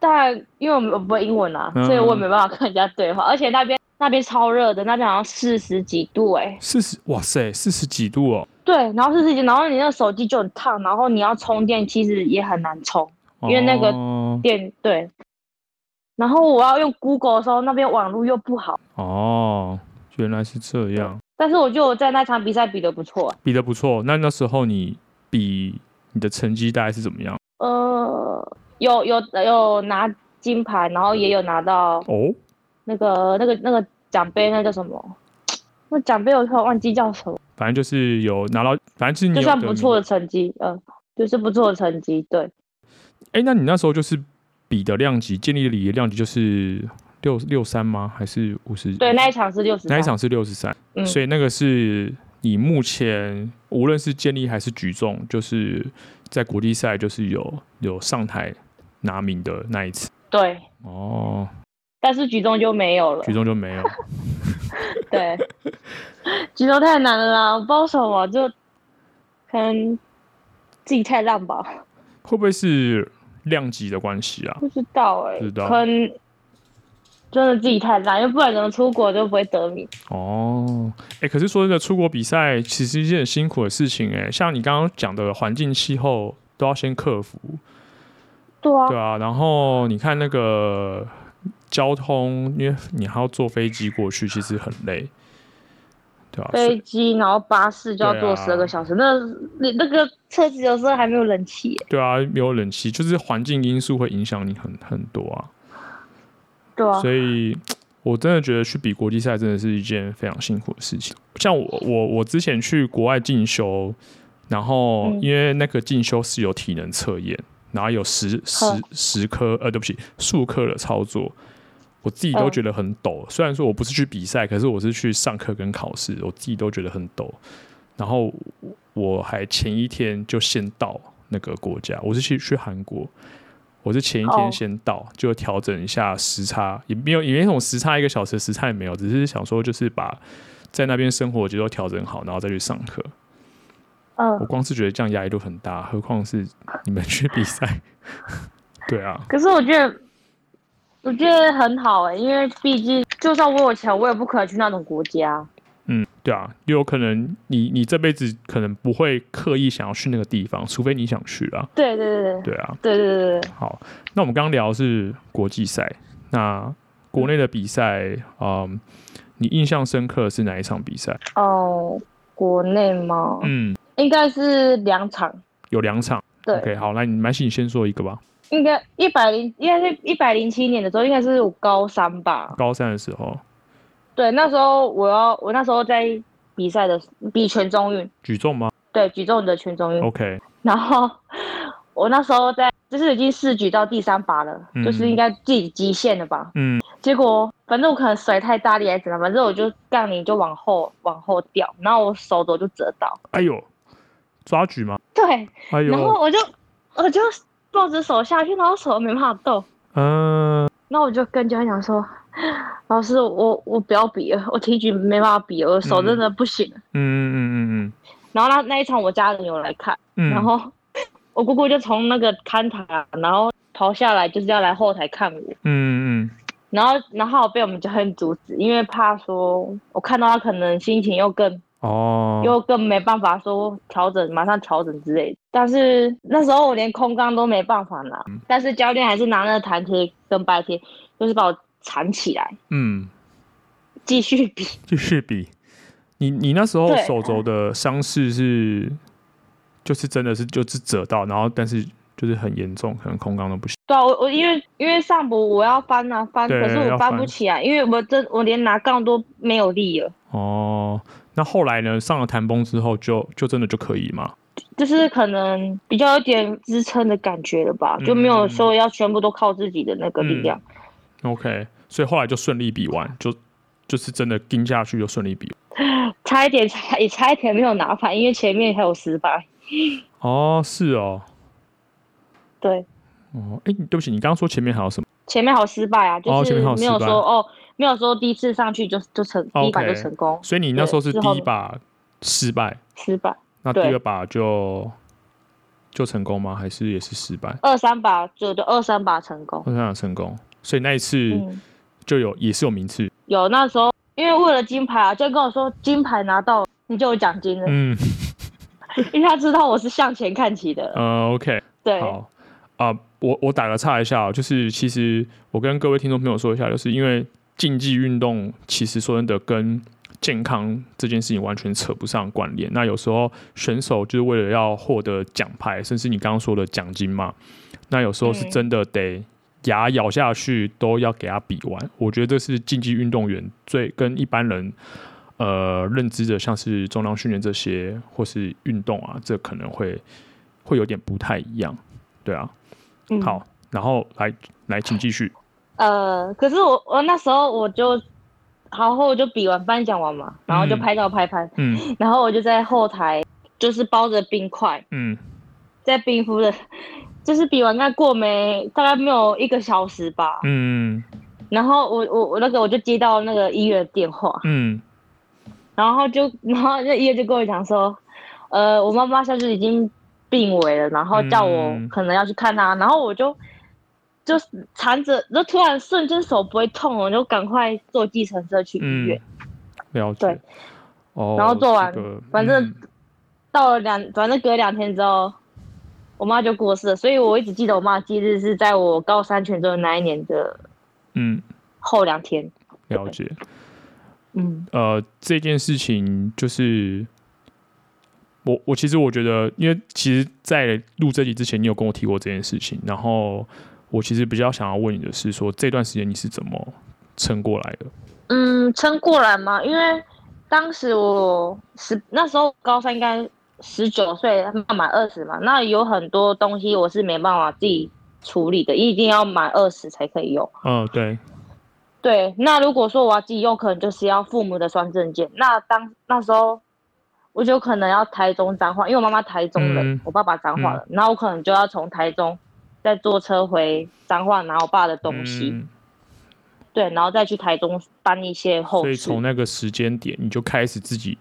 但因為我我不會英文啊、嗯，所以我也沒辦法跟人家對話。而且那邊那邊超熱的，那邊好像四十幾度誒、欸、
四十哇塞，四十幾度哦。
對，然後四十幾，然後你那手機就很燙，然後你要充電，其實也很難充，哦、因為那個電。對。然後我要用 Google 的時候，那邊網絡又不好。
哦，原來是這樣。
但是我就在那場比賽比得不錯、欸，
比得不錯。那那時候你比你的成績大概是怎麼樣？
呃，有有有拿金牌，然後也有拿到、那個、哦，那個那個那個獎杯，那叫什麼？那獎杯我好像忘記叫什麼。反
正就是有拿到，反正就是你就算不錯
的成績，嗯，就是不錯的成績、呃就是。對。
哎、欸，那你那時候就是比的量級，健力的，的量級就是。六六三嗎？還是五十？對，那
一場是六十，那一場
是六十三。所以那個是你目前無論是健力還是舉重，就是在國際賽就是有有上台拿名的那一次。對，哦，
但是舉重就沒有了。舉重就沒有。 <laughs> 對， <laughs> 舉重太難了啦，保守我不知道什麼就可能自己太浪吧。
會不會是量級的關係啊？
不知道哎、欸，很、啊。真的自己太懶，因不然怎麼出國就不會得名
哦。哎、欸，可是說這個出國比賽其實是一件很辛苦的事情哎，像你剛剛講的環境氣候都要先克服，對啊，對啊。然後你看那個交通，因為你還要坐飛機過去，其實很累，對啊。飛
機然後巴士就要坐十二個小時，啊、那你那個車子有時候
還沒有冷氣，對啊，沒有冷氣，就是環境因素會影響你很很多啊。啊、所以，我真的覺得去比國際賽真的是一件非常辛苦的事情。像我，我，我之前去國外進修，然後、嗯、因為那個進修是有體能測驗，然後有十十十科，呃，對不起，術科的操作，我自己都覺得很抖、呃。雖然說我不是去比賽，可是我是去上課跟考試，我自己都覺得很抖。然後我還前一天就先到那個國家，我是去去韓國。我是前一天先到，哦、就調整一下時差，也沒有也沒有種，時差一個小時時差也沒有，只是想說就是把在那邊生活，我覺得調整好，然後再去上課。嗯、呃，我光是覺得這樣壓力都很大，何況是你們去比賽。 <laughs> <laughs> 對啊，可
是我覺得我覺得很好啊、欸，因為畢竟就算我有錢，我也不可能去那種國家。
對啊，有可能你你這輩子可能不會刻意想要去那個地方，除非你想去啊。對
對對對啊，對對對。
好，那我們剛剛聊的是國際賽，那國內的比賽啊，嗯，你印象深刻的是哪一場比賽？
哦，國內嗎？嗯，應該是兩場，
有兩場。對，OK，好，那你麥你先說一個吧。應該一
百零，100，應該是一百零七年的時候，應該是我高三吧。
高三的時候。
對，那時候我要，我那時候在比賽的，比全中運。
舉重嗎？
對，舉重的全中運。OK。然後我那時候在，就是已經試舉到第三把了，嗯、就是應該自己極限了吧。嗯。結果反正我可能甩太大力還是什麼，反正我就槓鈴就往後往後掉，然後我手肘就折到。
哎呦！抓舉嗎？
對。哎呦！然後我就我就抱着手下去，然後手沒辦法動。嗯、
呃。
那我就跟教練講說。老師，我我不要比了，我挺舉沒辦法比，我手真的不行。嗯嗯嗯嗯然後那那一場我家人有來看，嗯，然後我姑姑就從那個看台，然後跑下來就是要來後台看我。
嗯
嗯。然後然後我被我們教練阻止，因為怕說我看到他可能心情又更
哦，又
更沒辦法說調整，馬上調整之類的。但是那時候我連空槓都沒辦法拿，但是教練還是拿那個彈貼跟白貼，就是把我。藏起來，
嗯，繼續比，繼續比。你你那時候手肘的傷勢是，就是真的是就是折到，然後但是就是很嚴重，可能空槓都不行。
對啊，我我因為因為上步我要翻啊翻，可是我翻不起來，因為我真，我連拿槓都沒有力了。
哦，那後來呢？上了彈繃之後就，就就真的就可以嗎？
就是可能比較有點支撐的感覺了吧、嗯，就沒有說要全部都靠自己的那個力量。嗯、
OK。所以後來就順利比完，就就是真的撐下去就順利比完，
差一點，差也差一點沒有拿牌，因為前面還有失敗。
哦，是哦，
對，
哦，哎、欸，你對不起，你剛剛說前面還有什麼？前
面還有失敗啊，就是沒有說，哦，沒有說哦，沒有說第一次上去就就成、哦 OK、第一把就成功，所以你那時候是第一把
失敗，失敗，那第二把就就成功嗎？還是也是失敗？
二三把就就二三把，二三把成功，
二三把成功，所以那一次。嗯就有也是有名次，
有那時候，因為為了金牌啊，就跟我說金牌拿到你就有獎金
了。
嗯， <laughs> 因為他知道我是向前看齊的。嗯
，uh, OK，對。好啊，uh, 我我打個岔一下，就是其實我跟各位聽眾朋友說一下，就是因為競技運動其實說真的跟健康這件事情完全扯不上關聯。那有時候選手就是為了要獲得獎牌，甚至你剛剛說的獎金嘛，那有時候是真的得，嗯。牙咬下去都要給他比完，我覺得這是競技運動員最跟一般人，呃，認知的像是重量訓練這些或是運動啊，這可能會會有點不太一樣，對啊。嗯、好，然後來來，請繼續。
呃，可是我我那時候我就，然後我就比完頒獎完嘛，然後就拍照拍拍、嗯，嗯，然後我就在後台就是包着冰塊，嗯，在冰敷的。就是比完那過沒，大概沒有一個小時吧。嗯，然後我我我那個我就接到那個醫院的電話。嗯，然後就然後那醫院就跟我講說，呃，我媽媽現在已經病危了，然後叫我可能要去看她。嗯、然後我就就纏着，就突然瞬間手不會痛，我就趕快坐計程車去醫院。
嗯、了解、哦。然後做完，這個、反正、
嗯、到了兩，反正隔兩天之後。我媽就過世了，所以我一直記得我媽的忌日是在我高三全中的那一年的，
嗯，後兩天。了解。嗯，呃，這件事情就是，我我其實我覺得，因為其實在錄這集之前，你有跟我提過這件事情，然後我其實比較想要問你的是說，說這段時間你是怎麼撐過來的？
嗯，撐過來嗎，因為當時我是那時候高三應該。十九歲要滿二十嘛，那有很多東西我是沒辦法自己處理的，一定要滿二十才可以用。嗯、哦，對。對，那如果說我要自己用，可能就是要父母的雙證件。那當那時候，我就可能要台中彰化，因為我媽媽台中人，嗯，我爸爸彰化了，那、嗯、我可能就要從台中再坐車回彰化拿我爸的東西，嗯。對，然後再去台中辦一些後續。所以從那
個時間點你就開始自己。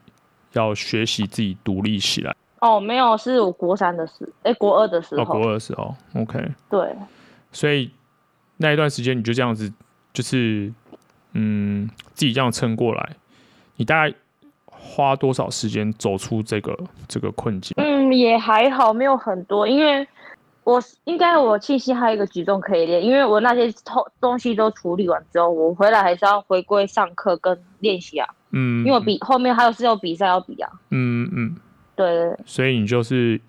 要學習自己獨立起來。
哦，沒有，是我國三的時候，哎、欸，國二的時候，哦，國二
的時候，OK，對，所以那一段時間你就這樣子，就是，嗯，自己這樣撐過來，你大概花多少時間走出這個這個困境？
嗯，也還好，沒有很多，因為我應該我慶幸還有一個舉重可以練，因為我那些偷東西都處理完之後，我回來還是要回歸上課跟練習啊。嗯，因為比後面還有是有比賽要比啊。嗯嗯。對，對，對。
所以你就是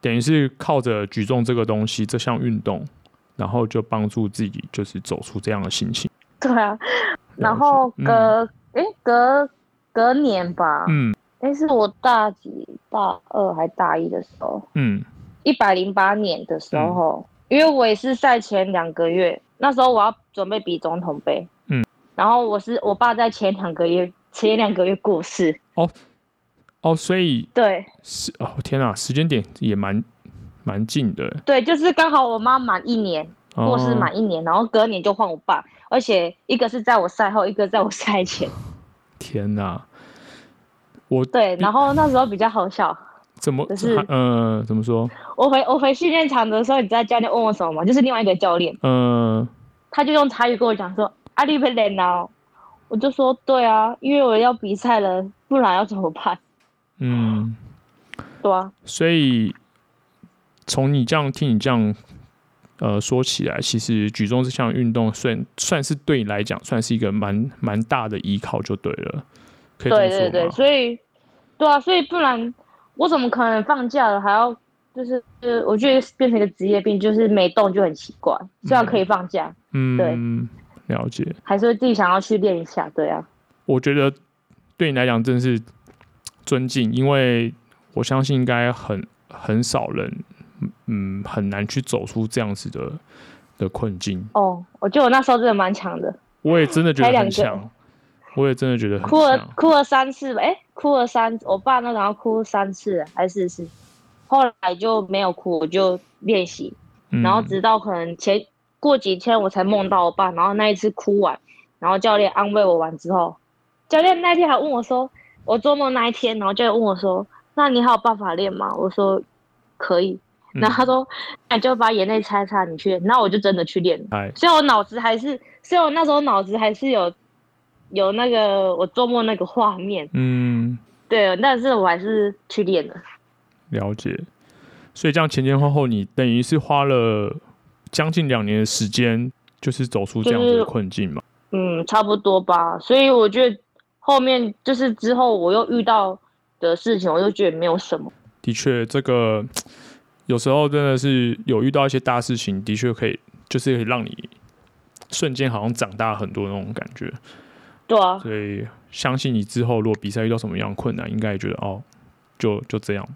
等於是靠着舉重這個東西，這項運動，然後就幫助自己，就是走出這樣的心情。
對啊，然後隔誒、嗯欸，隔隔年吧，嗯，那、欸、是我大幾大二還大一的時候，嗯，一百零八年的時候、嗯，因為我也是賽前兩個月，那時候我要準備比總統盃。然後我是我爸，在前兩個月前兩個月過世，
哦哦，所以對是，哦，天哪，時間點也蠻蠻近的。
對，就是剛好我媽、媽滿一年，哦、過世滿一年，然後隔年就換我爸，而且一個是在我賽後，一個在我賽前。
天哪，我
對，然後那時候比較好笑，
怎麼就是嗯、呃，怎麼說
我回我回訓練場的時候，你知道教練問我什麼嗎？就是另外一個教練，
嗯、呃，
他就用台語跟我講說。阿里不練啊，我就說對啊，因為我要比賽了，不然要怎麼辦？嗯，
對啊。所以從你這樣聽你這樣，呃，說起來，其實舉重這項運動算算是對你來講，算是一個蠻蠻大的依靠，就對了。對對對，
所以對啊，所以不然我怎麼可能放假了還要就是，我覺得變成一個職業病，就是沒動就很奇怪。雖然可以放假，嗯，
對。嗯了解，
還是自己想要去練一下，對啊。
我覺得對你來講真是尊敬，因為我相信應該很很少人，嗯，很難去走出這樣子的的困境。
哦，我覺得我那時候真的蠻強的，
我也真的覺得很強，我也真的覺得很
強，哭了哭了三次，哎、欸，哭了三，我爸那然後哭三次，還是四次，後來就沒有哭，我就練習，然後直到可能前。嗯過幾天我才夢到我爸，然後那一次哭完，然後教練安慰我完之後，教練那天還問我說：“我做夢那一天，然後教練問我說，那你還有辦法練嗎？”我說：“可以。”然後他說：“你、嗯欸、就把眼淚擦擦，你去。”那我就真的去練了。哎，雖然我腦子還是，雖然我那時候腦子還是有有那個我做夢那個畫面，嗯，對，但是我還是去練了。
了解，所以這樣前前後後，你等於是花了。將近兩年的時間，就是走出這樣子的困境嘛？就
是，嗯，差不多吧。所以我覺得後面就是之後我又遇到的事情，我又覺得沒有什麼。
的確，這個有時候真的是有遇到一些大事情，的確可以就是可以讓你瞬間好像長大很多那種感覺。
對啊。
所以相信你之後如果比賽遇到什麼樣的困難，應該也覺得哦，就就這樣吧。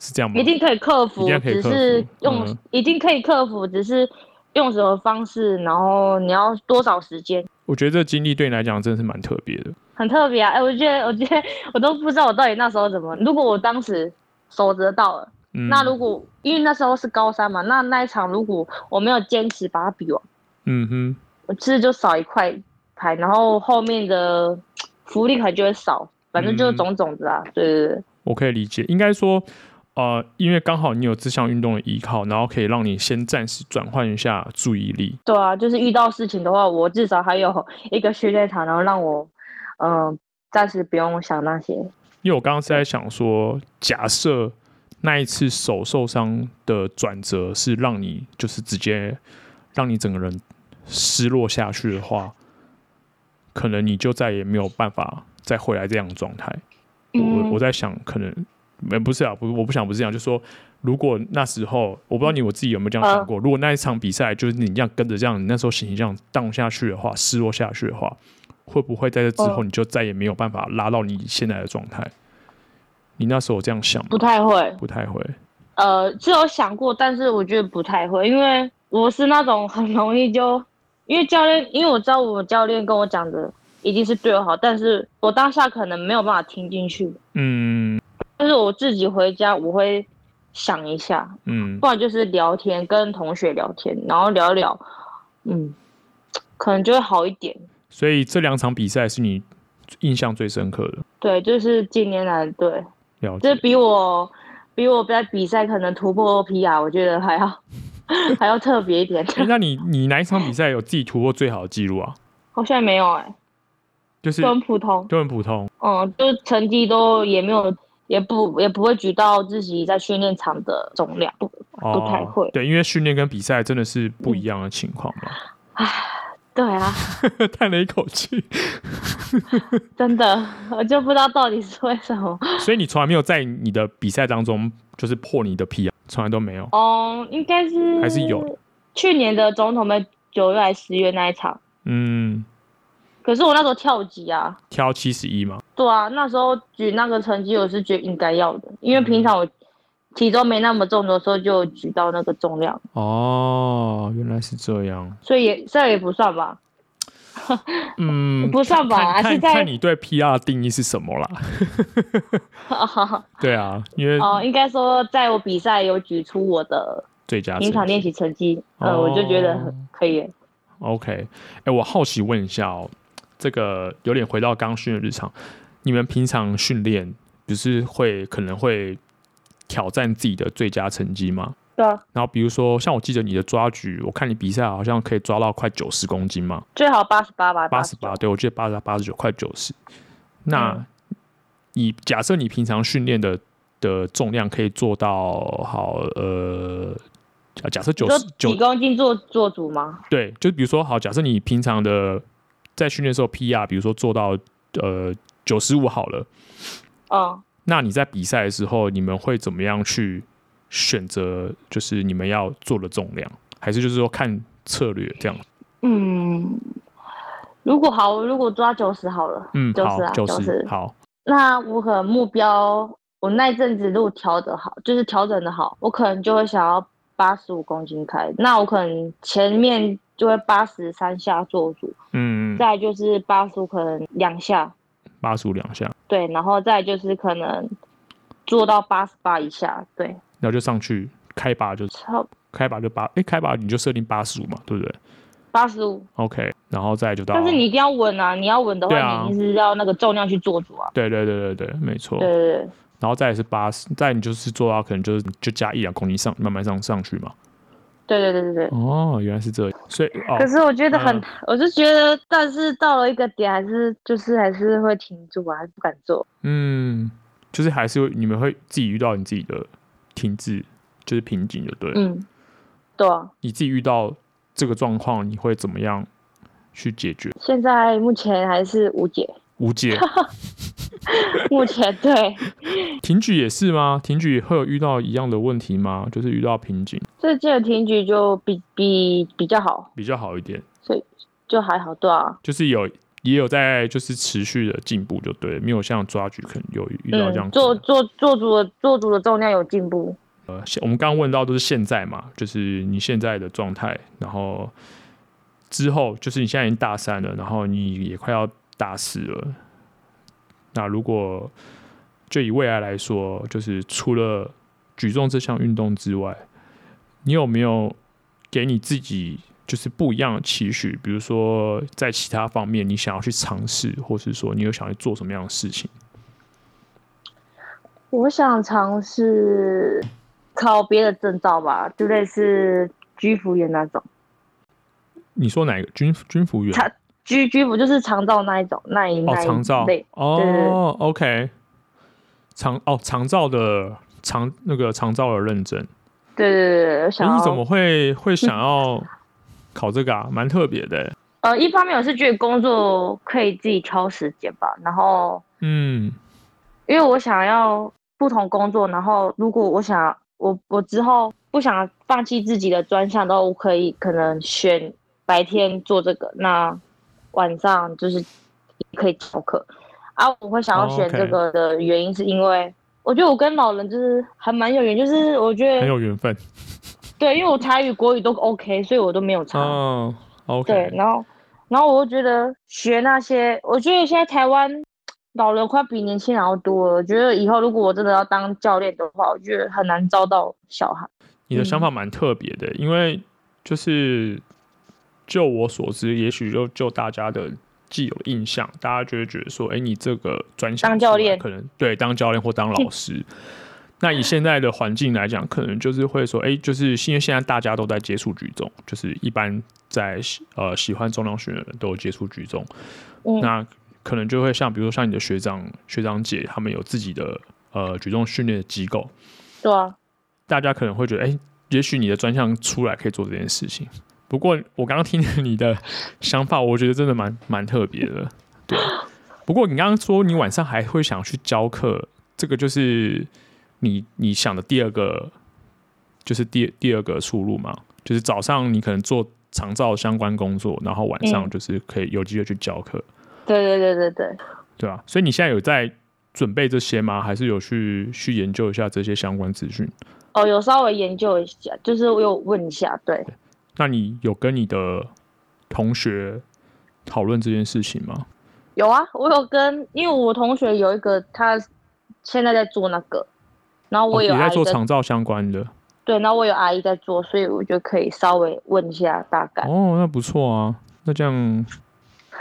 是這樣嗎？一定，一定
可以克服，只是用、嗯、一定可以克服，只是用什麼方式，然後你要多少時間？
我覺得這經歷對你來講真的是蠻特別的，
很特別啊！哎、欸，我覺得，我覺得我都不知道我到底那時候怎麼。如果我當時守則到了、嗯，那如果因為那時候是高三嘛，那那一場如果我沒有堅持把它比完，嗯哼，我其實就少一塊牌，然後後面的福利卡就會少，反正就是種種子啊。嗯、對，對對，
我可以理解，應該說。呃，因為剛好你有這項運動的依靠，然後可以讓你先暫時轉換一下注意力。
對啊，就是遇到事情的話，我至少還有一個訓練場，然後讓我，嗯、呃，暫時不用想那些。因
為我剛剛是在想說，假設那一次手受傷的轉折是讓你就是直接讓你整個人失落下去的話，可能你就再也沒有辦法再回來這樣的狀態。
嗯。我我在
想，可能。欸、不是啊，不，我不想不是這樣。就是、說，如果那時候我不知道你我自己有沒有這樣想過，呃、如果那一場比賽就是你這樣跟着這樣，你那時候心情這樣 down 下去的話，失落下去的話，會不會在這之後你就再也沒有辦法拉到你現在的狀態、呃？你那時候這樣想？不太會，不太會。
呃，是有想過，但是我覺得不太會，因為我是那種很容易就因為教練，因為我知道我教練跟我講的一定是對我好，但是我當下可能沒有辦法聽進去。嗯。但是我自己回家，我會想一下，
嗯，不然
就是聊天，跟同學聊天，然後聊一聊，嗯，可能就會好一點。
所以這兩場比賽是你印象最深刻的？
對，就是近年來，對，這比我比我在比賽可能突破 PR 啊，我覺得還要 <laughs> 還要特別一點。 <laughs> 那你
你哪一場比賽有自己突破最好的記錄啊？
好像沒有、欸，哎，
就是就很普通，就很普通，
嗯，就成績都也沒有。也不也不會舉到自己在訓練場的重量，不不
太會。哦。對，因為訓練跟比賽真的是不一樣的情況嘛。嗯。
對啊。
嘆 <laughs> 了一口氣。
<laughs> 真的，我就不知道到底是為什麼。
所以你從來沒有在你的比賽當中就是破你的屁啊，從來都沒有。
嗯，應該是。還是有。去年的總統盃九月還是十月那一場。
嗯。
可是我那時候跳幾啊？
跳七十一嗎？
對啊，那時候舉那個成績，我是覺得應該要的，因為平常我體重沒那麼重的時候就舉到那個重量。
哦，原來是這樣，
所以也這也不算吧？嗯，
<laughs> 不
算吧？看，看，看看你
對 P R 的定義是什麼啦？
<laughs>
對啊，因為哦、呃，
應該說在我比賽有舉出我的練習
最佳平常練
習成績，呃、哦，我就覺得很可以。
OK，哎、欸，我好奇問一下哦。這個有點回到剛訓的日常，你們平常訓練不是會可能會挑戰自己的最佳成績嗎？對啊。然後比如說，像我記得你的抓舉，我看你比賽好像可以抓到快九十公斤嘛。
最好八十八吧。八十
八，對，我記得八十八、八十九，快九十。那你，嗯，假設你平常訓練的的重量可以做到好呃，假設九十九
公斤做做主嗎？
對，就比如說好，假設你平常的。在訓練的時候 PR，比如說做到呃九十五好了，
哦、oh.
那你在比賽的時候，你們會怎麼樣去選擇？就是你們要做的重量，還是就是說看策略這樣？嗯，
如果好，如果抓九十好了，嗯，九十啊，九十好，好。那我可能目標，我那陣子如果調的好，就是調整的好，我可能就會想要八十五公斤開。那我可能前面。就會八十三下做主，嗯，再就是八十五可能兩下，
八十五兩下，
對，然後再就是可能做到八十八以下，對，
然後就上去開把就是，開把就八，哎，開把、欸、你就設定八十五嘛，對不對？
八十五
，OK，然後再就到，但是
你一定要穩啊，你要穩的話，你一定是要那個重量去做主
啊，對啊對對對對，沒錯，對,對對對，然後再是八十，再你就是做到可能就是就加一兩公斤上，慢慢上上去嘛。對對對對對，哦，原來是這樣、個，所以、哦，可是我覺得很，嗯、
我是覺得，但是到了一個點，還是就是還是會，會停住啊，還是不敢做。嗯，
就是還是你們會自己遇到你自己的停滯，就是瓶頸，就對。嗯，
對啊，
你自己遇到這個狀況，你會怎麼樣去解決？
現在目前還是無解。無解， <laughs> 目前對，
挺舉也是嗎？挺舉會有遇到一樣的問題嗎？就是遇到瓶頸。
這屆挺舉就比比比較好，
比較好一點，所以
就還好，對啊。
就是有也有在就是持續的進步，就對，沒有像抓舉可能有遇到這樣的、嗯。做
做做足了做足了重量有進步。
呃，現我們剛剛問到都是現在嘛，就是你現在的狀態，然後之後就是你現在已經大三了，然後你也快要。大事了。那如果就以未來來說，就是除了舉重這項運動之外，你有沒有給你自己就是不一樣的期許？比如說，在其他方面，你想要去嘗試，或是說，你有想要去做什麼樣的事情？
我想嘗試考別的證照吧，就類似居服員那種。
你說哪個居，居服員？
居居服就是長照那一種，那一，哦，那一類哦，對對對對，okay. 哦，長
照哦，OK，長哦長照的長，那個長照的認證，
對對對。我想你怎麼
會會想要考這個啊？蠻 <laughs> 特別的，
欸。呃，一方面我是覺得工作可以自己挑時間吧，然後嗯，因為我想要不同工作，然後如果我想我我之後不想放棄自己的專項，都我可以可能選白天做這個那。晚上就是可以逃課啊！我會想要選這個的原因是因為我覺得我跟老人就是還蠻有緣，就是我覺得很有緣分。對，因為我台語、國語都 OK，所以我都沒有差。Oh, OK。對，然後然後我就覺得學那些，我覺得現在台灣老人快比年輕人要多了。我覺得以後如果我真的要當教練的話，我覺得很難招到小孩。
你的想法蠻特別的，嗯，因為就是。就我所知，也許就就大家的既有的印象，大家就會覺得說，哎、欸，你這個專項可能對當教練或當老師、嗯。那以現在的環境來講，可能就是會說，哎、欸，就是因為現在大家都在接觸舉重，就是一般在呃喜歡重量訓練的人都有接觸舉重、嗯，那可能就會像比如說像你的學長學長姐他們有自己的呃舉重訓練的機構，對、嗯、啊，大家可能會覺得，哎、欸，也許你的專項出來可以做這件事情。不過，我剛剛聽你的想法，我覺得真的蠻 <laughs> 蠻特別的。對，不過你剛剛說你晚上還會想去教課，這個就是你你想的第二個，就是第二第二個出路嘛？就是早上你可能做長照相關工作，然後晚上就是可以有機會去教課。嗯、
對對對對
對，對、啊、所以你現在有在準備這些嗎？還是有去去研究一下這些相關資訊？
哦，有稍微研究一下，就是我有問一下，對。對
那你有跟你的同學討論這件事情嗎？
有啊，我有跟，因為我同學有一個，他現在在做那個，然後我也，有在，、哦、也在做長照相關的，對，那我有阿姨在做，所以我就可以稍微問一下大
概。哦，那不錯啊，那這樣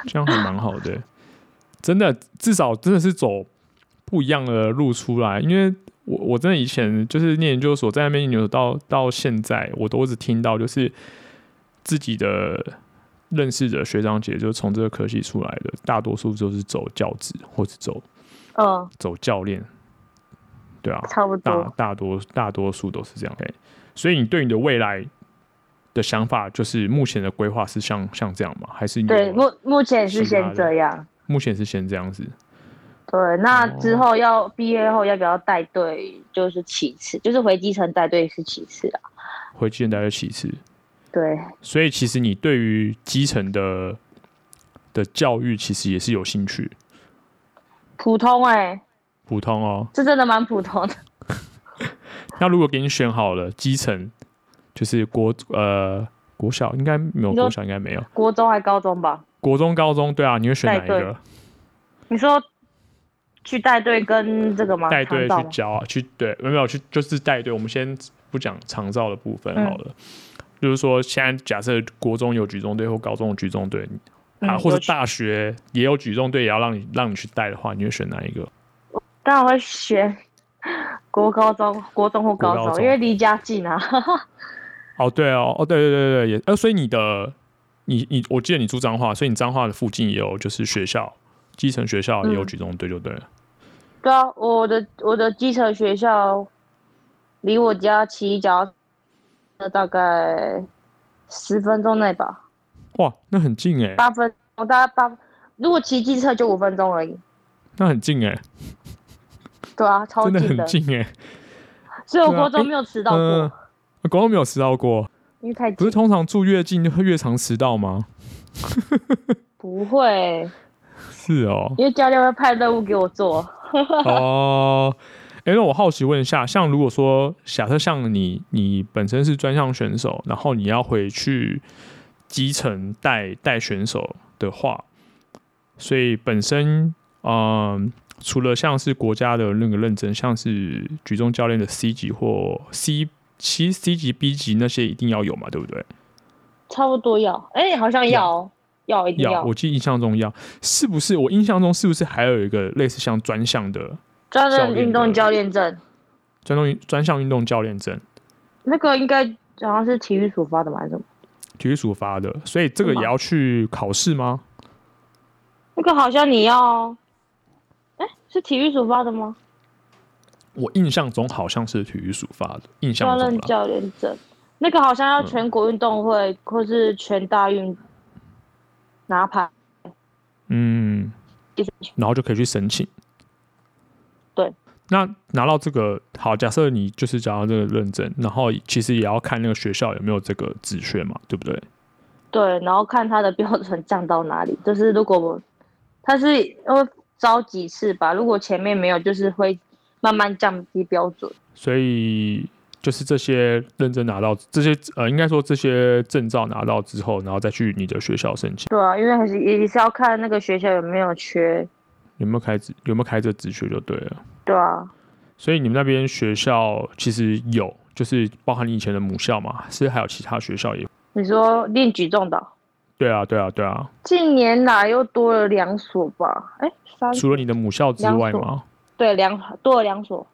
這樣還蠻好的、欸， <laughs> 真的，至少真的是走不一樣的路出來，因為我我真的以前就是念研究所，在那邊念研究所到到現在，我都只聽到就是。自己的認識的學長姐就從這個科系出來的，大多數就是走教職或者走，嗯，走教練，對啊，差不多大，大多大多數都是這樣。Okay. 所以你對你的未來的想法，就是目前的規劃是像像這樣嗎？還是你對
目目前是先這樣，
目前是先這樣子。
對，那之後要嗯、畢業後要不要帶隊？就是其次，就是回基層帶隊是其次啊。
回基層帶隊其次。對，所以其實你對於基層的的教育，其實也是有興趣。
普通哎、欸。
普通哦。
這真的蠻普通的。
<laughs> 那如果給你選好了基層，就是國呃國小，應該沒有國小，應該沒有。
國中還高中吧？
國中、高中，對啊，你會選哪一個？帶隊？
你說去帶隊跟這個嗎？帶隊去
教啊？去對，沒有沒有去，就是帶隊。我們先不講長照的部分好了。嗯就是說，現在假設國中有舉重隊或高中有舉重隊、嗯、啊，或者大學也有舉重隊，也要讓你讓你去帶的話，你會選哪一個？
我當然會選國高中、國中或高中，高中因為離家近啊。
<laughs> 哦，對哦，哦對對對對對，也呃，所以你的你你，我記得你住彰化，所以你彰化的附近也有就是學校，基層學校也有舉重隊，就對了、嗯。
對啊，我的我的基層學校離我家騎一腳。大概十分鐘內吧。
哇，那很近哎、欸！八
分，我大概八，如果騎機車就五分鐘而已。
那很近哎、欸！
對啊超，真的很近哎、欸！所以我國中沒有遲到過。
國中、啊欸嗯嗯、沒有遲到過，
因為太近，不是
通常住越近就越常遲到嗎？
<laughs> 不會，
是哦，因
為教練會派任務給我做。哦、 <laughs>
oh,。哎、欸，我好奇問一下，像如果說假設像你，你本身是專項選手，然後你要回去基層帶帶選手的話，所以本身，嗯、呃，除了像是國家的那個認證，像是舉重教練的 C 級或 C 七 C, C 級 B 級那些，一定要有嘛，對不對？
差不多要，哎、欸，好像要要，要一定要。我
記得印象中要，是不是？我印象中是不是還有一個類似像專項的？
專任運動教練證，
專業運專項運動教練證，
那個應該好像是體育署發的吧？
還是什麼？體育署發的，所以這個也要去考試嗎，
嗎？那個好像你要，哎、欸，是體育署發的嗎？
我印象中好像是體育署發的。印象中。專任
教練證，那個好像要全國運動會、嗯、或是全大運拿牌，嗯，
然後就可以去申請。那拿到這個好，假設你就是講到這個認證，然後其實也要看那個學校有沒有這個資源嘛，對不對？
對，然後看它的標準降到哪裡。就是如果它是要招幾次吧，如果前面沒有，就是會慢慢降低標準。
所以就是這些認證拿到這些呃，應該說這些證照拿到之後，然後再去你的學校申請。
對啊，因為還是也是要看那個學校有
沒有缺。有沒有開有沒有開這自學就對了。對啊，所以你們那邊學校其實有，就是包含你以前的母校嘛，是還有其他學校也。你
說練舉重的？
對啊，對啊，對啊。
近年來又多了兩所吧？哎、欸，除了
你的母校之外嗎？兩
對，兩多了兩所。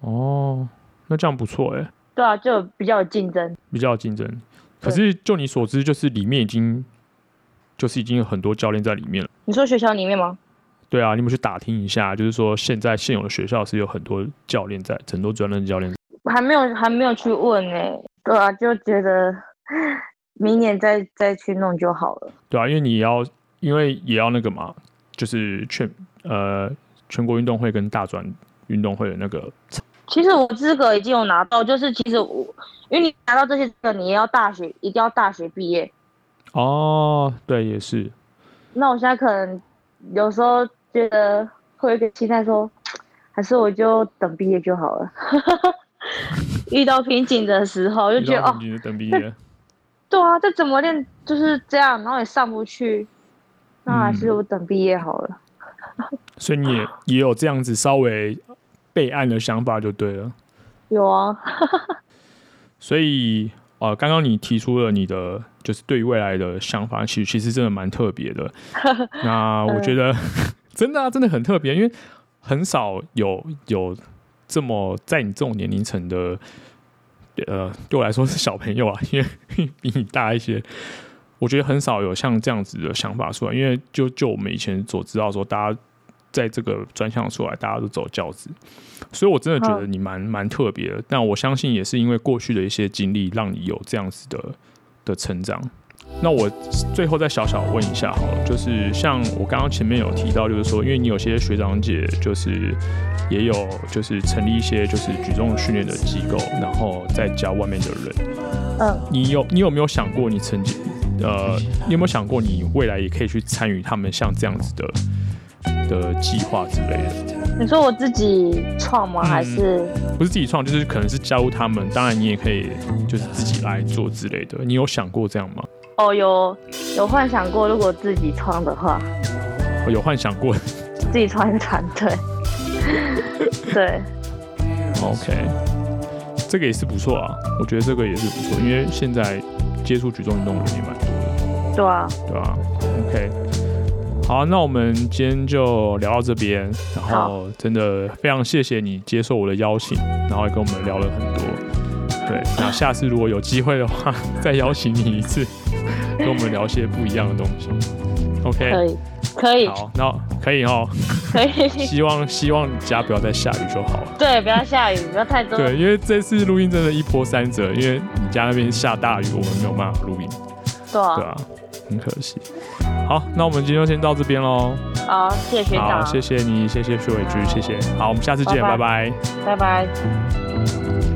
哦，那這樣不錯哎、欸。
對啊，就比較有競爭，
比較有競爭。可是就你所知，就是裡面已經就是已經有很多教練在裡面了。
你說學校裡面嗎？
對啊，你們去打聽一下，就是說現在現有的學校是有很多教練在，很多專任教練。我
還沒有，還沒有去問呢、欸。對啊，就覺得明年再再去弄就好了。
對啊，因為你要，因為也要那個嘛，就是全呃全國運動會跟大專運動會的那個。
其實我資格已經有拿到，就是其實我，因為你拿到這些資格，你也要大學一定要大學畢業。
哦，對，也是。
那我現在可能有時候。覺得會有點期待說，說還是我就等畢業就好了。 <laughs> 遇到瓶頸的時候，就覺得哦， <laughs> 等畢業，啊。對啊，這怎麼練就是這樣，然後也上不去，嗯、那還是我等畢業好了。
<laughs> 所以你也也有這樣子稍微備案的想法就對了。
有啊。
<laughs> 所以啊，剛、呃、剛你提出了你的就是對於未來的想法，其實其實真的蠻特別的。
<laughs> 那我
覺得。嗯真的啊，真的很特別，因為很少有有這麼在你這種年齡層的，呃，對我來說是小朋友啊，因為比你大一些。我覺得很少有像這樣子的想法出來，因為就就我們以前所知道說，大家在這個專項出來，大家都走教子，所以我真的覺得你蠻蠻特別的，但我相信也是因為過去的一些經歷，讓你有這樣子的的成長。那我最後再小小問一下好了，就是像我剛剛前面有提到，就是說，因為你有些學長姐就是也有就是成立一些就是舉重訓練的機構，然後在教外面的人。嗯。你有你有沒有想過，你曾經呃，你有沒有想過你未來也可以去參與他們像這樣子的的計劃之類的？
你說我自己創嗎？還是？
嗯，不是自己創，就是可能是加入他們。當然，你也可以就是自己來做之類的。你有想過這樣嗎？
哦、oh,，有有幻想過，如果自己穿的話，
有，有幻想過
<laughs> 自己穿團隊，穿對， <laughs> 對。
OK，這個也是不錯啊，我覺得這個也是不錯，因為現在接觸舉重運動的也蠻多的。對啊，對啊。OK，好、啊，那我們今天就聊到這邊，然後真的非常謝謝你接受我的邀請，然後也跟我們聊了很多。對，那下次如果有機會的話， <laughs> 再邀請你一次。 <laughs> 跟我們聊些不一樣的東西，OK，可以，
可以，
好，那可以哦，可以， <laughs> 希望希望你家不要再下雨就好了，
對，不要下雨，不要太多，對，因
為這次錄音真的一波三折，因為你家那邊下大雨，我們沒有辦法錄音，
對啊，對啊，
很可惜，好，那我們今天就先到這邊嘍，
好、啊，謝謝好，謝
謝你，謝謝許瑋君，謝謝，好，我們下次見，拜拜，
拜拜。